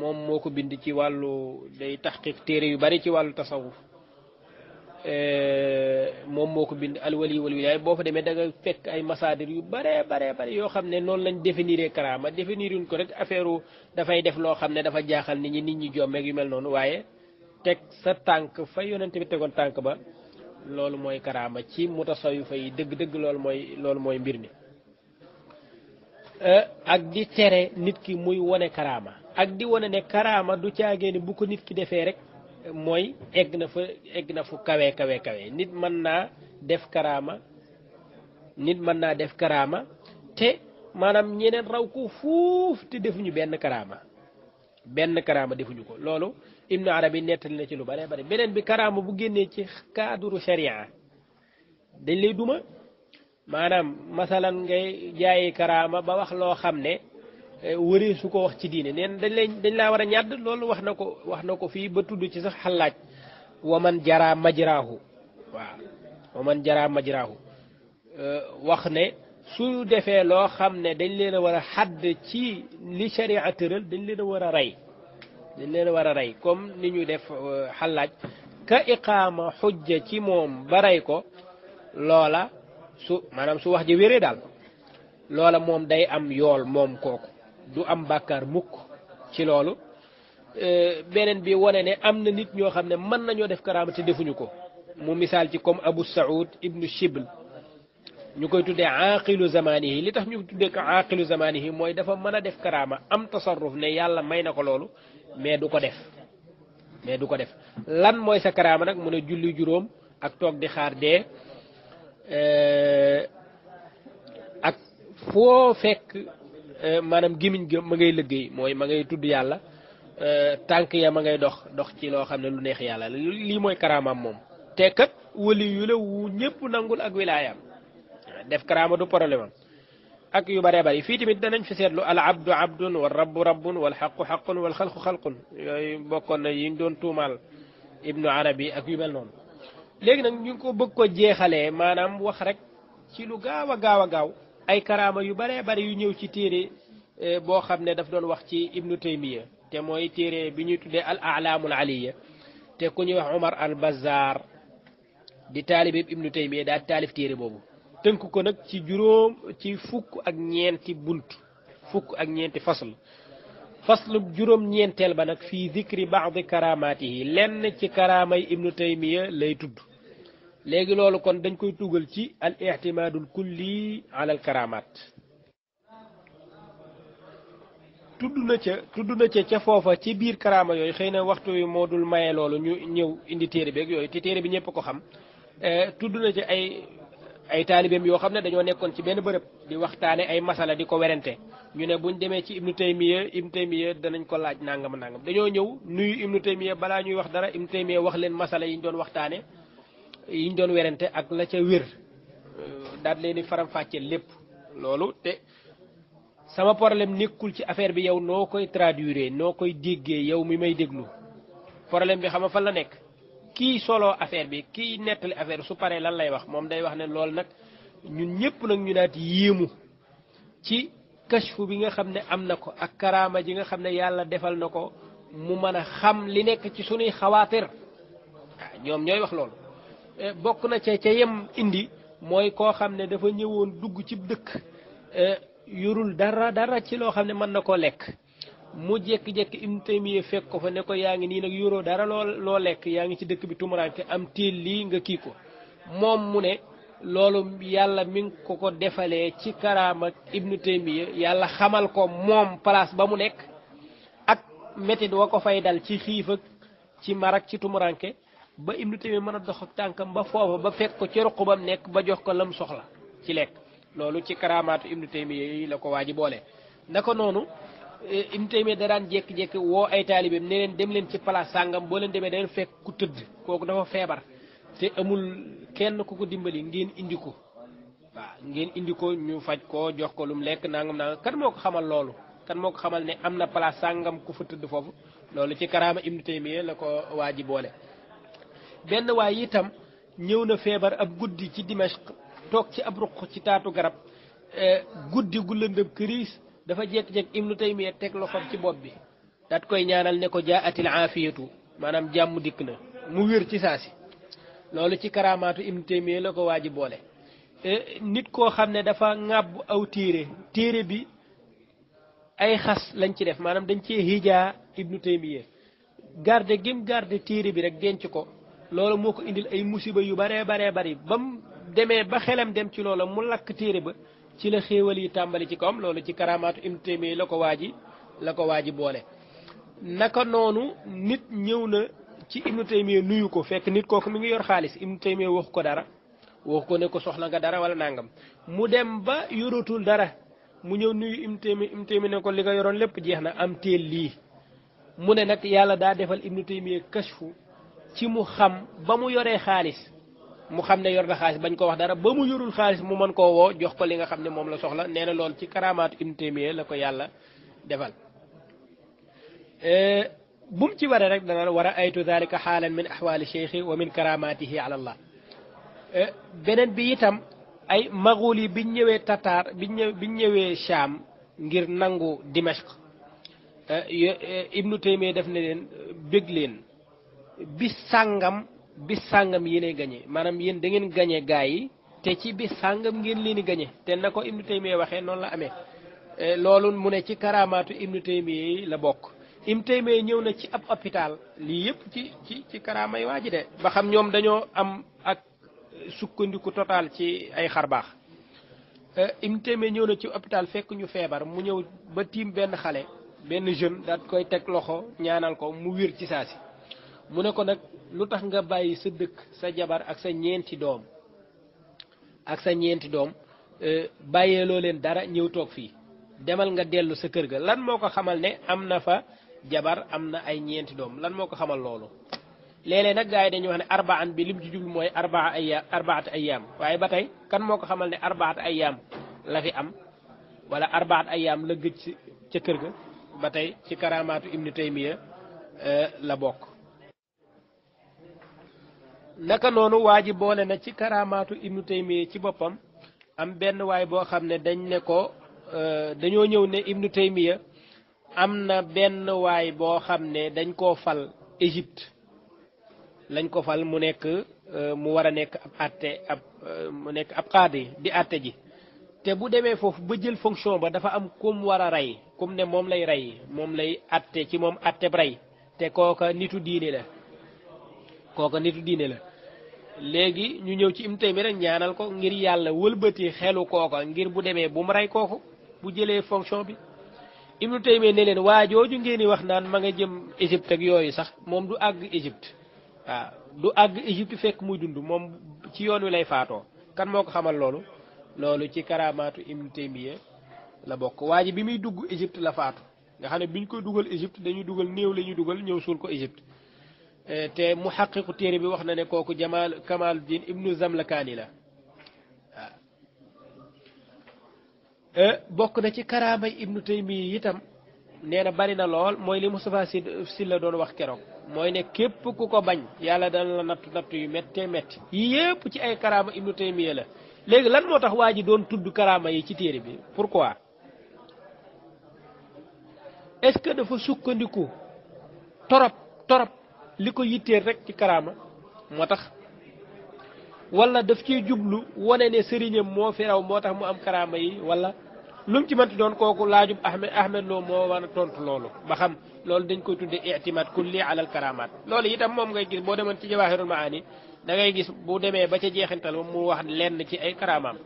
S1: moom moo ko bind ci wàllu day tax taxqiq téere yu bari ci wàllu tasawuf Euh, moom moo ko bind alwali wal wilaay boo fa demee da nga fekk ay masaadir yu bare bare bare yoo xam ne noonu lañ définiree karaama définir yuñ ko rek affaire dafay def loo xam ne dafa jaaxal nit ñi nit ñi jommeeg yu mel noonu waaye teg sa tànk fa yonent bi tegoon tànk ba loolu mooy karaama ci mutasawifa yi dëgg-dëgg loolu mooy loolu mooy mbir mi euh, ak di tere nit ki muy wone karaama ak di wone ne karaama du caagee ni bu ko nit ki defee rek mooy egg na fa egg na fu kawe kawe kawe nit mën naa def karaama nit mën naa def karaama te maanaam ñeneen raw ko fuuf te defuñu benn karaama benn karaama defuñu ko loolu na Arabi nettali na ci lu bare bare beneen bi karaama bu génnee ci cadre sharia dañ lay duma maanaam masalan ngay jaayi karaama ba wax loo xam ne wëree su ko wax ci diine neen dañ lay dañ laa war a ñàdd loolu wax na ko wax na ko fii ba tudd ci sax xalaaj man jaraa majraahu wa man jaraa majraahu wax ne su defee loo xam ne dañ leen a war a xadd ci li sharia tëral dañ leen a war a rey dañ leen a war a rey comme ni ñu def xalaaj ka iqaama xujja ci moom ba rey ko loola su maanaam su wax ji wéree daal loola moom day am yool moom kooku du am bakar mukk ci lolu benen bi woné ne amna nit ño xamné man nañu def karama ci defuñu ko mu misal ci comme Abu Saoud ibn Shibl ñukoy tuddé aqilu aaqilu li tax ñu tuddé ka aqilu zamaanihi moy dafa mëna def karama am tasarruf ne yàlla may na ko loolu mais duko def mais duko def lan moy sa karama nak mëna julli juróom ak tok di xaar dé euh ak fo fekk Euh, maanaam gémmiñ ga ma ngay liggéey mooy ma ngay tudd yàlla euh, tànk ya ma ngay dox dox ci loo xam ne lu neex yàlla lii mooy karaamaam moom te kat wali yu la wu ñëpp nangul ak wilaayaam def karaama du problème am ak yu bëree bëri fii tamit danañ fi seetlu al abdu abdun wal rabbu rabbun wal xaqu xaqun wal xalqu xalqun yooyu bokkoon na yi ñu doon tuumaal ibnu arabi ak yu mel noonu léegi nag ñu ngi ko bëgg ko jeexale maanaam wax rek ci lu gaaw a gaaw a gaaw ay karama yu bare bare yu ñëw ci téré bo xamné daf doon wax ci ibnu taymiya te moy téré bi ñuy tuddé al a'lam al aliya te ku ñuy wax umar al bazzar di talib ibnu taymiya da talif téré bobu tënk ko nak ci juróom ci fukk ak ñeenti buntu fukk ak ñeenti fasl faslu juróom ñeenteel ba nag fii zikri baadi karaamaatihi lenn ci karaamay ibnu taymiya lay tudd léegi loolu kon dañ koy tugal ci al ictimaadul kulli ala al karamaat tudd na ca tudd na ca ca foofa ci biir karaama yooyu xëy na waxtu yi moo dul maye loolu ñu ñëw indi téere beeg yooyu te téere bi ñëpp ko xam eh, tudd na ca ay ay taalibeem yoo xam ne dañoo nekkoon ci benn bërëb di waxtaane ay masala di ko werante ñu ne buñ demee ci ibnu taymiya ibnu taymiya danañ ko laaj nangam nangam dañoo ñëw nuyu ibnu taymiya bala ñuy wax dara ibnu taymiya wax leen masala yi ñu doon waxtaane yiñ doon werante ak la ca wér daal leen di faram-fàcce lépp loolu te sama problème nekkul ci affaire bi yow noo koy traduire noo koy déggee yow mi may déglu problème bi xam nga fan la nekk kii solo affaire bi kii nettali affaire su paree lan lay wax moom day wax ne loolu nag ñun ñëpp nag ñu naat yéemu ci kashfu bi nga xam ne am na ko ak karaama ji nga xam ne yàlla defal na ko mu mën a xam li nekk ci sunuy xawaatir ah, ñoom ñooy wax loolu Eh, bokk na ca ca yem indi mooy koo xam ne dafa ñëwoon dugg cib dëkk eh, yorul dara dara ci loo xam ne mën na koo lekk mu jékki-jékki Ibnu Taymiya fekk ko fa ne ko yaa ngi nii nag yuroo dara loo loo lekk yaa ngi ci dëkk bi tumuranke am téel lii nga kii ko moom mu ne loolu yàlla mi ngi ko ko defalee ci karaama Ibnu Taymiya yàlla xamal ko moom palaas ba mu nekk ak métit wa ko fay dal ci xiif ci mar ci tumuranke ba ibnu taymiya mën a dox ak tànkam ba foofa ba fekk ko ci ruq bam nekk ba jox ko lam soxla ci lekk loolu ci karaamaatu ibnu taymiya yi la ko waa ji boole naka noonu e, ibnu taymiya da daan woo ay taalibeem ne dem leen ci place sàngam boo leen demee da fekk ku tëdd kooku dafa feebar te amul kenn ku ko dimbali ngeen indi ko waaw ngeen indi ko ñu faj ko jox ko lum lekk nangam nangam kan moo ko xamal loolu kan moo ko xamal ne am na place sàngam ku fa tëdd foofu loolu ci karaama ibnu taymiya la ko waa ji boole benn waay itam ñëw na feebar ab guddi ci Dimashq toog ci ab ruq ci taatu garab e, guddi gu lëndëm këriis dafa jekk-jekk ibnu taymiya teg loxoom ci bopp bi daat koy ñaanal ne ko jaatil aafiyatu maanaam jàmm dikk na mu wér ci saasi loolu ci karaamaatu ibnu taymiya la ko waa ji boole e, nit koo xam ne dafa ŋàbb aw téere téere bi ay xas lañ ci def maanaam dañ cee hijaa ibnu taymiya garde gim garde téere bi rek denc ko loolu moo ko indil ay musiba yu baree baree bari ba mu demee ba xelam dem ci loola mu lakk téere ba ci la xéewal yi tàmbali ci kawam loolu ci karaamaatu Ibnu Taymiyya la ko waaji la ko waaji boole naka noonu nit ñëw na ci Ibnu Taymiyya nuyu ko fekk nit kooku mi ngi yor xaalis Ibnu Taymiyya waxu ko dara waxu ko ne ko soxla nga dara wala nàngam mu dem ba yoratul dara mu ñëw nuyu Ibnu Taymiyya Ibnu Taymiyya ne ko li nga yoroon lépp jeex na am teel lii mu ne nag yàlla daa defal Ibnu Taymiyya kashfu ci mu xam ba mu yoree xaalis mu xam ne yor na xaalis bañ ko wax dara ba mu yorul xaalis mu mën koo woo jox ko li nga xam ne moom la soxla nee na loolu ci karaamaatu Ibnu Taymiya la ko yàlla defal bu mu ci waree rek dana war a aytu dalika xaalan min axwaali cheikhi wa min karaamatihi ala allah beneen bi itam ay maguul yi biñ ñëwee Tatar biñ ñëw biñ ñëwee Cham ngir nangu Dimashq Ibnu Taymiya def ne leen bég leen bi sàngam bi sàngam yéenay gañe maanaam yéen da ngeen gañe gaa yi te ci bis sàngam ngeen leen di gañe te na ko Ibnu Taymiya waxee noonu la amee e, loolu mu ne ci karaamaatu Ibnu Taymiya yi la bokk Ibnu Taymiya ñëw na ci ab hôpital lii yëpp ci ci ci karaamay waa ji de ba xam ñoom dañoo am ak sukkandiku total ci ay xarbaax e, Ibnu Taymiya ñëw na ci hôpital fekk ñu feebar mu ñëw ba tiim benn xale benn jeune daat koy teg loxo ñaanal ko mu wér ci saa si mu ne ko nag lu tax nga bàyyi sa dëkk sa jabar ak sa ñeenti doom ak sa ñeenti doom euh, bàyyeeloo leen dara ñëw toog fii demal nga dellu sa kër ga lan moo ko xamal ne am na fa jabar am na ay ñeenti doom lan moo ko xamal loolu léeg nag gars yi wax ne arbaan bi mooy arbaa ay arbaat ayyaam waaye ba tey kan moo ko xamal ne arbaat ayyaam la fi am wala arbaat ayyaam la gëj ca kër ga ba tey ci karaamaatu ibnu taymiya euh, la bokk naka noonu waa ji boole na ci karaamaatu ibnu taymiya ci boppam am benn waay boo xam ne dañ ne ko euh, dañoo ñëw ne ibnu taymiya am na benn waay boo xam ne dañ koo fal Égypte lañ ko fal mu nekk euh, mu war a nekk ab àtte ab euh, mu nekk ab xaadi di àtte ji te bu demee foofu ba jël fonction ba dafa am kum war a rey kum ne moom lay rey moom lay àtte ci moom àtte rey te kooka nitu diine la kooka nitu diine la léegi ñu ñëw ci Ibnu Taymiya rek ñaanal ko ngir yàlla wëlbati xelu kooka ngir bu demee bu mu rey kooku bu jëlee fonction bi Ibnu Taymiya ne leen waa jooju ngeen di wax naan ma nga jëm Égypte ak yooyu sax moom du àgg Égypte waaw du àgg Égypte fekk muy dund moom ci yoon wi lay faatoo kan moo ko xamal loolu loolu ci karaamaatu Ibnu Taymiya la bokk waa ji bi muy dugg Égypte la faatu nga xam ne bi ñu ko dugal Égypte dañuy dugal néew la ñuy dugal ñëw suul ko Égypte Eh, te mu xaqiqu téere bi wax na ne kooku Jamal Kamaluddin ibnu Zamlakaani la waaw ah. eh, bokk na ci karaamay ibnu Taymi itam nee na bari na lool mooy li Moustapha si si la doon wax keroog mooy ne képp ku ko bañ yàlla dana la nattu nattu yu méttee métti yii yépp ci ay karaama ibnu Taymiya la léegi lan moo tax waa ji doon tudd karaama yi ci téere bi pourquoi est-ce que dafa sukkandiku torop torop li ko yitteel rek ci karaama moo tax wala daf ciy jublu wane ne sëriñam moo fi raw moo tax mu am karaama yi wala lum mu ci mënti doon kooku laajub Ahmed Ahmed Lo moo war tontu loolu ba xam loolu dañ koy tuddee itimaad kulli alal karaamaat loolu itam moom ngay gis boo demoon ci jawaahirul maani da gis bu demee ba ca jeexintal ba mu wax lenn ci ay karaamaam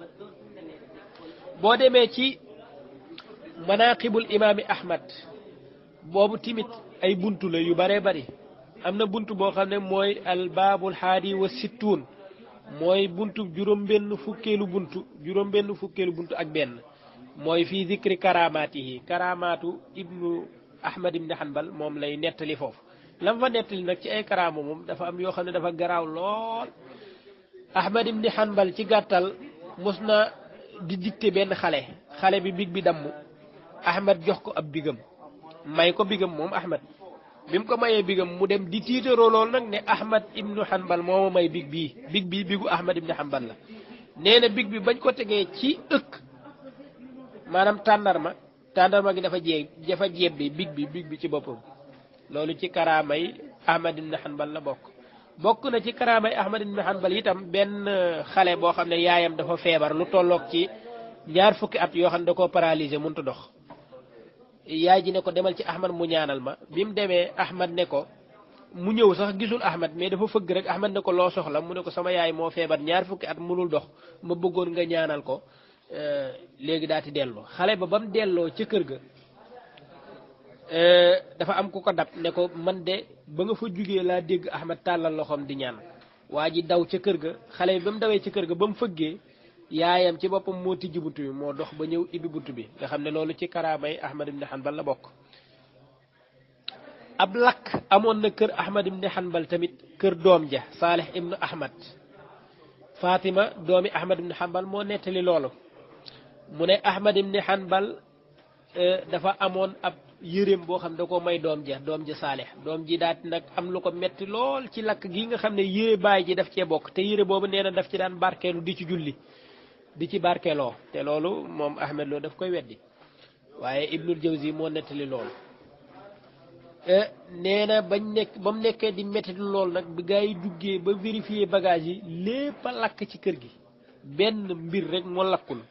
S1: boo demee ci manaqibul imaami Ahmad boobu timit ay buntu la yu baree bari. أمنا بنتو بوخانة موي الباب الحادي والستون موي بنتو جروم بن فكيلو بنتو جروم بن فكيلو بنتو أكبن موي في ذكر كراماته كراماتو ابن أحمد بن حنبل موم لي نتلي فوف لما نتلي نك تي أي كرامو موم دفا أم يوخانة دفا غراو لول أحمد بن حنبل تي غاتل مسنا دي ديكتي بن خالي خالي بي بيك بي دمو أحمد جوخكو أب بيغم مايكو بيغم موم أحمد bi mu ko mayee bigam mu dem di tiitaroo lool nag ne Ahmad ibnu Hanbal moo ma may big bii big bi bigu Ahmad ibnu Hanbal la nee na big bi bañ ko tegee ci ëkk maanaam tàndarma tàndarma gi dafa jee dafa jebbi big bi big bi ci boppam loolu ci karaamay Ahmad ibnu Hanbal la bokk bokk na ci karaamay Ahmad ibnu Hanbal itam benn xale boo xam ne yaayam dafa feebar lu tolloog ci ñaar fukki at yoo xam ne da koo paralysé mënut dox yaay ji ne ko demal ci Ahmad mu ñaanal ma bi mu demee Ahmad ne ko mu ñëw sax gisul Ahmad mais dafa fëgg rek Ahmad ne ko loo soxla mu ne ko sama yaay moo feebar ñaari fukki at mënul dox ma bëggoon nga ñaanal ko euh, léegi daati delloo xale ba ba mu delloo ca kër ga euh, dafa am ku ko dab ne ko man de ba nga fa jugee laa dégg Ahmad tàllal loxoom di ñaan waa ji daw ca kër ga xale bi ba mu dawee ca kër ga ba mu fëggee yaayam ci boppam moo tijji bunt bi moo dox ba ñëw ibbi bunt bi nga xam ne loolu ci karaamay Ahmad ibn Hanbal la bokk ab lakk amoon na kër Ahmad ibn Hanbal tamit kër doom ja Saalih ibn Ahmad Fatima doomi Ahmad ibn Hanbal moo nettali loolu mu ne Ahmad ibn Hanbal euh, dafa amoon ab yëreem boo xam da ko may doom ja doom ja Saalih doom ji daat nag am lu ko metti lool ci lakk gi nga xam ne yére baay ji daf cee bokk te yére boobu nee na daf ci daan barkeelu di ci julli di ci barkeloo te loolu moom Ahmed Lo daf koy weddi waaye Ibnul Jawzi moo nettali loolu eh, nee ba bañ nekk ba mu nekkee di mettitu lool nag bi gaa yi duggee ba vérifier bagage yi lépp a lakk ci kër gi benn mbir rek moo lakkul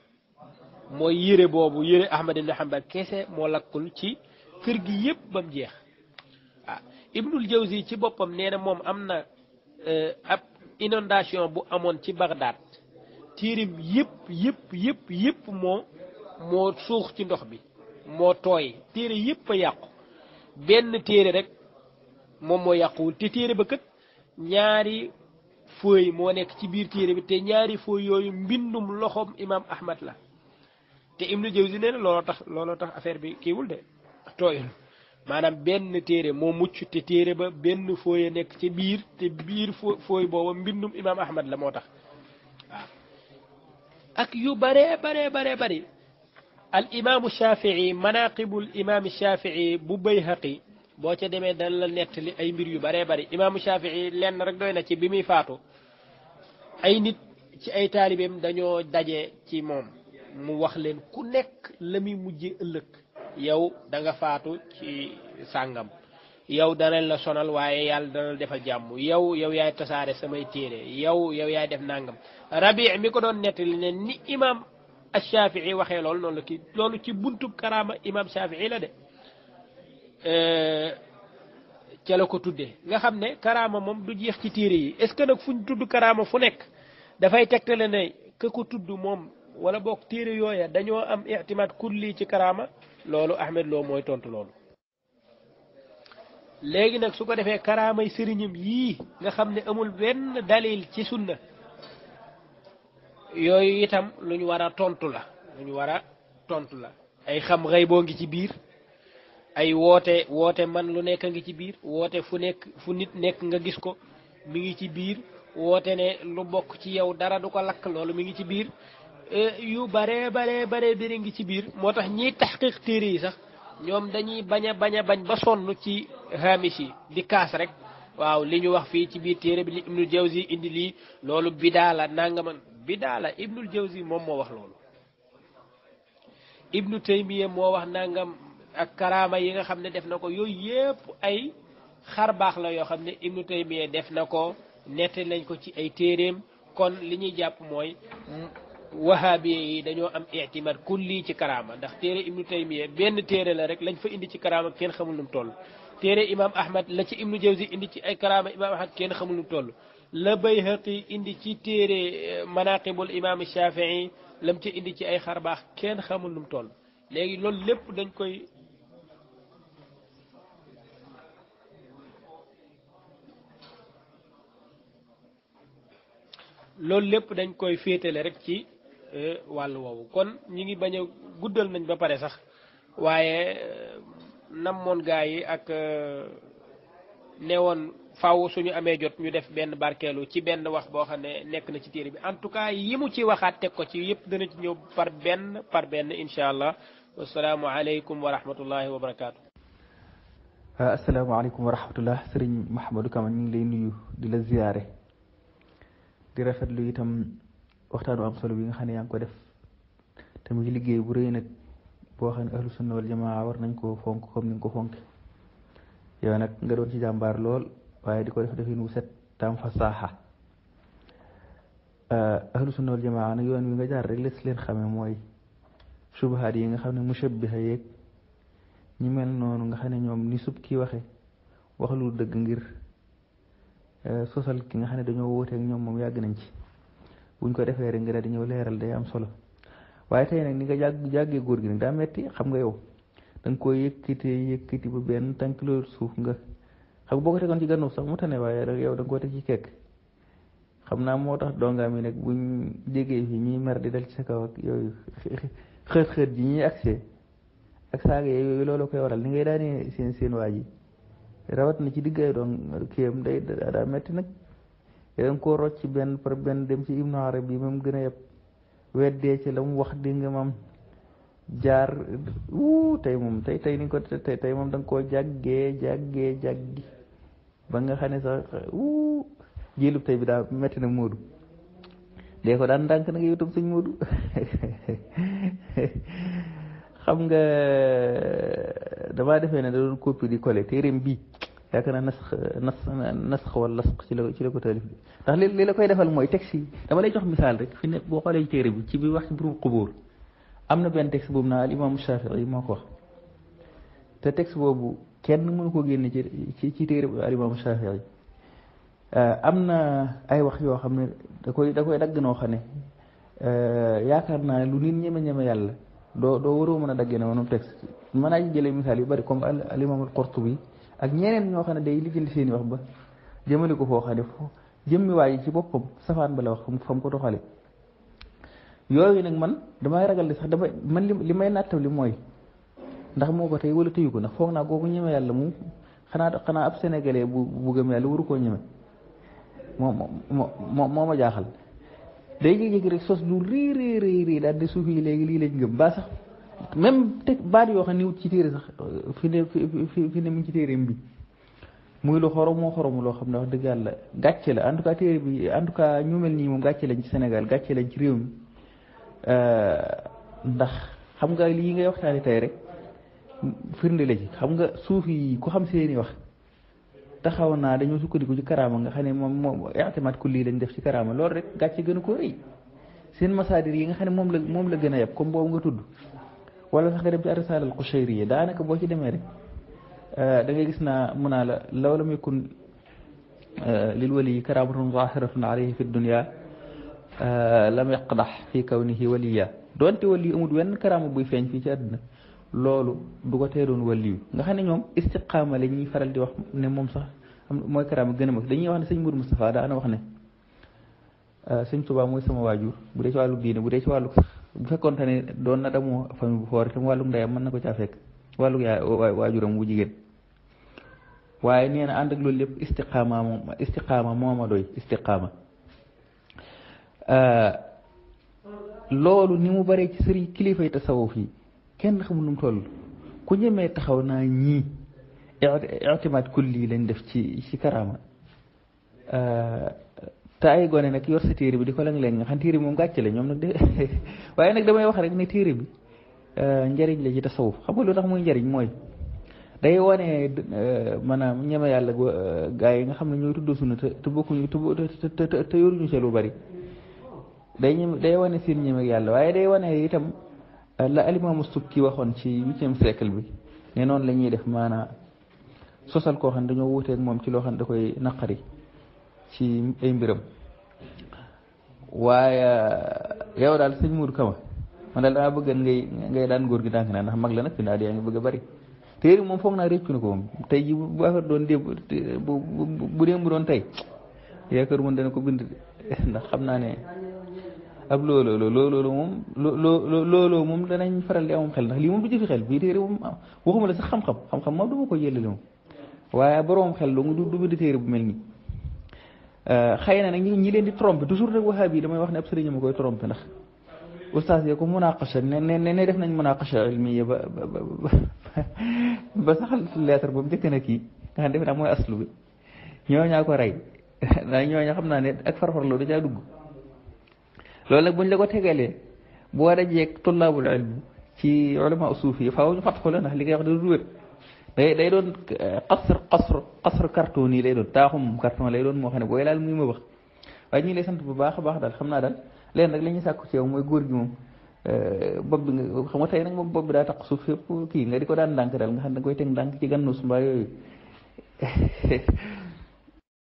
S1: mooy yére boobu yére Ahmad ibn kese moo lakkul ci kër gi yépp ba mu jeex ah Ibnul Jawzi ci boppam nee moom am na eh, ab inondation bu amoon ci Bagdad tiirim yépp yëpp yëpp yëpp moo moo suux ci ndox bi moo tooy téere yëpp a yàqu benn téere rek moom moo yàquwul te téere ba kat ñaari fooy moo nekk ci biir téere bi te ñaari fooy yooyu mbindum loxoom imaam Ahmad la te Ibnu Jawzi nee na looloo tax looloo tax affaire bi kiiwul de tooyul maanaam benn téere moo mucc te téere ba benn fooy a nekk ci biir te biir fooy booba mbindum imaam Ahmad la moo tax ak yu bare baree baree bari al imaamu shafii manaqibul imaam shafii bu bayhaqi boo ci demee dana la nettali ay mbir yu baree bari imaamu shafii lenn rek doy na ci bi muy faatu ay nit ci ay taalibeem dañoo daje ci moom mu wax leen ku nekk la muy mujje ëllëg yow danga faatu ci sàngam yow danañ la sonal waaye yàlla dana defal jàmm yow yow yaay tasaare samay téere yow yow yaay def nangam rabi mi ko doon nettali ne ni imaam Shafii waxee loolu noonu la ki loolu ci buntub karaama imaam Shafii la de euh, ca la ko tuddee nga xam ne karaama moom du jeex ci téere yi est-ce que nag fuñ tudd karaama fu nekk dafay tegtale ne ka ko tudd moom wala boog téere yooya dañoo am ictimaad kulli ci karaama loolu Ahmed loo mooy tontu loolu. léegi nag su ko defee karaamay sëriñam yii nga xam ne amul benn dalil ci sunna yooyu itam lu ñu war a tontu la lu ñu war a tontu la ay xam xëy boo ngi ci biir ay woote woote man lu nekk a ngi ci biir woote fu nekk fu nit nekk nga gis ko mu ngi ci biir woote ne lu bokk ci yow dara du ko lakk loolu mi ngi ci biir eh, yu bare bare bare biri ngi ci biir moo tax ñiy taxqiq téere yi sax ñoom dañuy bañ a bañ a bañ ba sonn ci hamish yi di kaas rek waaw li ñu wax fii ci biir téere bi li ibnul jawzi indi lii loolu bidaa la nangaman bidaa la ibnul jawzi moom moo wax loolu ibnu taymiya moo wax nangam ak karaama yi nga xam ne def na ko yooyu yépp ay xar baax la yoo xam ne ibnu taymiya def na ko nette lañ ko ci ay téeréem kon li ñuy jàpp mooy wahaabiye yi dañoo am ictimaad kulli ci karaama ndax téere ibnu taymiya benn téere la rek lañ fa indi ci karaama kenn xamul nu mu toll téere imam ahmad la ci ibnu jawzi indi ci ay karaama imam ahmad kenn xamul nu mu toll la bayhaqi indi ci téere manaqibul imam shafii lam ci indi ci ay xarbaax kenn xamul nu mu toll léegi loolu lépp dañ koy loolu lépp dañ koy féetale rek ci Euh, wàll woowu kon ñi ngi bañ guddal nañ ba pare sax waaye euh, namoon gaa yi ak euh, newoon faaw suñu amee jot ñu def benn barkeelu ci benn wax boo xam ne nekk na ci téere bi en tout cas yi mu ci waxaat teg ko ci yëpp dana ci ñëw par benn par benn incha allah wasalaamu aleykum wa rahmatullahi wa barakaatu.
S2: asalaamaaleykum wa rahmatullah sëriñ Mouhamadou Kama ñu ngi lay nuyu di la ziyaare di rafetlu itam. waxtaanu am solo bi nga xam ne yaa ko def te mu ngi liggéey bu rëy nag boo xam ne ahlu sunna wal jamaa war nañ koo fonk comme ni ko fonk yow nag nga doon ci jàmbaar lool waaye di ko def defin wu set tam fa saaxa ah, ahlu sunna wal nag yoon wi nga jaar rek les leen xame mooy subahaat yi nga xam ne mushabbiha yeeg ñi mel noonu nga xam ne ñoom ni sub kii waxe wax lu dëgg ngir eh, sosal ki nga xam ne dañoo wooteek ñoom moom yàgg nañ ci buñ ko defee rek nga daal di ñëw leeral day am solo waaye tey nag ni nga jàgg jàggee góor gi nag metti xam nga yow da nga koy yëkkati yëkkati bu benn tànk loolu suuf nga xam boo ko tegoon ci gànnaaw sax mu tane waaye yow da nga koo teg ci kekk naa moo tax dongaam yi nag buñ jégee fii ñuy mer di dal ci sa kaw ak yooyu xët xët ji ñuy accès ak saaga yooyu loolu koy waral ni ngay daanee seen seen waa ji rawat na ci diggaay doon kiyam day daa metti nag danga koo rocc benn par benn dem ci ibnu arabi moom gën a yeb weddee ci la mu wax di nga mam jaar wuu tey moom tey tey ni ko tey tey moom da nga koo jàggee jàggee jàggi nga xam sax wuu jilub tey bi daa metti na Moodu dee ko daan ndànk na nga yow tam sëñ Moodu [laughs] xam nga dama defee ne da doon copie di collé téeréem bii yaakaar naa nasx nas nasx wala lasq ci la ci la ko taalif bi ndax li li la koy defal mooy texte yi dama lay jox misaal rek fi ne boo xoolee téere bi ci bi wax ci burul am na benn boobu naa al imam Shafii moo ko wax te texte boobu kenn mënu ko génne ci ci ci téere al imam Shafii na ay wax yoo xam ne da koy da koy dagg noo xam ne yaakaar naa ne lu nit ñeme-ñeme yàlla doo doo waroo mën a daggee ne moom texte mën naa ci jëlee misaal yu bari comme al imam al ak ñeneen ñoo xam ne day lijjanti seeni wax ba jëmale ko foo xam ne jëmmi waaye ci bopp boppam safaan ba la wax fa mu ko doxale yooyu nag man damay ragal sax damay man li may nattab li mooy ndax moo ko tey wala tëyu ko ndax foog naa kooku ñeme yàlla mu xanaa xanaa ab sénégalais bu bu gëm yàlla waru koo ñeme moo moo moo ma jaaxal. day jékki-jékki rek sos lu rii daal di suuf yi léegi lii lañ gëm ba sax même teg baat yoo xam ne ci téere sax fi ne fi ci téereem bi muy lu xorom moo loo xam ne wax dëgg yàlla gàcce la en tout cas bi en tout cas ñu mel nii moom gàcce lañ ci Sénégal gàcce lañ ci réew mi euh, ndax xam nga lii ngay waxtaane tey rek firnde la ci xam nga suuf yi ku xam seeni wax taxaw naa dañoo sukkandiku ci nga xam ne moom moom i'timaad kulli lañ def ci karaama lool rek gàcce gën a ko rëy seen masaadir yi nga xam ne moom la moom la gën a yab comme boobu nga tudd wala sax nga dem ci arrisala al qushayriya daanaka boo ci demee rek da ngay gis naa mu naa la law lam yakun lil waliyi karamatun zahiratun alayhi fi dunya lam yaqdax fi kawnihi waliya doonte wali amul wenn karama buy feeñ fii ci àdduna loolu du ko tee doon waliyu nga xam ne ñoom istiqaama la ñuy faral di wax ne moom sax mooy karaama gën a mag dañuy wax ne sëñ Mourou Moustapha daana wax ne sëñ Touba mooy sama waajur bu dee ci wàllu diine bu dee ci wàllu sax bu fekkoonte ne doon na damu famille bu foor itam wàllug ndeyam mën na ko caa fekk wàllug yaay waajuram bu jigéen waaye nee na ànd loolu lépp istiqaama moom istiqaama doy istiqaama euh, loolu ni mu bare ci sëriñ kilifa yi tasawuf yi kenn xamul nu mu toll ku ñemee taxaw naa ñii ictimaad kulli lañ def ci ci karaama euh, te ay gone nag yor sa téere bi di ko leng-leng nga xam téere bi moom gàcce la ñoom nag de [laughs] waaye nag damay wax rek ne téere euh, njariñ la ci tasawuf xam nga lu tax muy njariñ mooy day wane euh, maanaam ñeme yàlla euh, gaa yi nga xam ne ñooy tudd sunna te bokkuñu te te yoruñu ci lu bari day ñeme day wane seen ñeme yàlla waaye day wane itam la alimaamu Sukki waxoon ci huitième siècle bi ne noonu la ñuy def maanaam sosal koo xam dañoo wuuteeg moom ci loo xam da koy naqari ci ay mbiram waaye yow daal sëñ Mourou Kama man daal damaa bëgg ngay ngay daan góor gi tànk naa ndax mag la nag fi yaa ngi bëgg bari téere moom foog naa réccu na ko moom tey ji bu affaire doon démb bu démb doon tey yaakaar moom dana ko bind ndax xam naa ne ab looloo looloo moom looloo moom danañ faral di amam xel ndax lii moom du jëfi xel bii téere moom waxuma la sax xam-xam xam-xam du ma ko jëlale moom waaye boroom xel du du bind téere bu mel nii Euh, xëy na nag ñi ñi leen di trompé toujours rek wahaabi yi damay wax ne ab sëriñ ma koy trompé ndax ustaas yi ko munaqasha ne ne ne def nañ munaqasha ilmiya ba ba saxal lettre boobu njëkk na kii nga xam defe naa aslu ñoo ñaa ko rey na ñoo ñaa xam naa ne ak farfarloo da caa dugg loolu nag buñ la ko tegalee boo dajeeg tullaabul ilmi ci ulama suufi faaw ñu fatxu la ndax li ngay wax du wér day day doon xasr eh, xasr xasr carton yi lay doon taaxum carton lay doon moo xam ne booy laal muy ma wax waaye ñu ngi lay sant bu baax baax daal xam naa daal leen rek la ñuy sàkku mooy góor gi moom eh, bopp bi xam nga tey nag moom bopp bi daa taq suuf yëpp kii nga di ko daan ndànk daal nga xam ne da koy teg ndànk ci gannu su mbaa yooyu [laughs]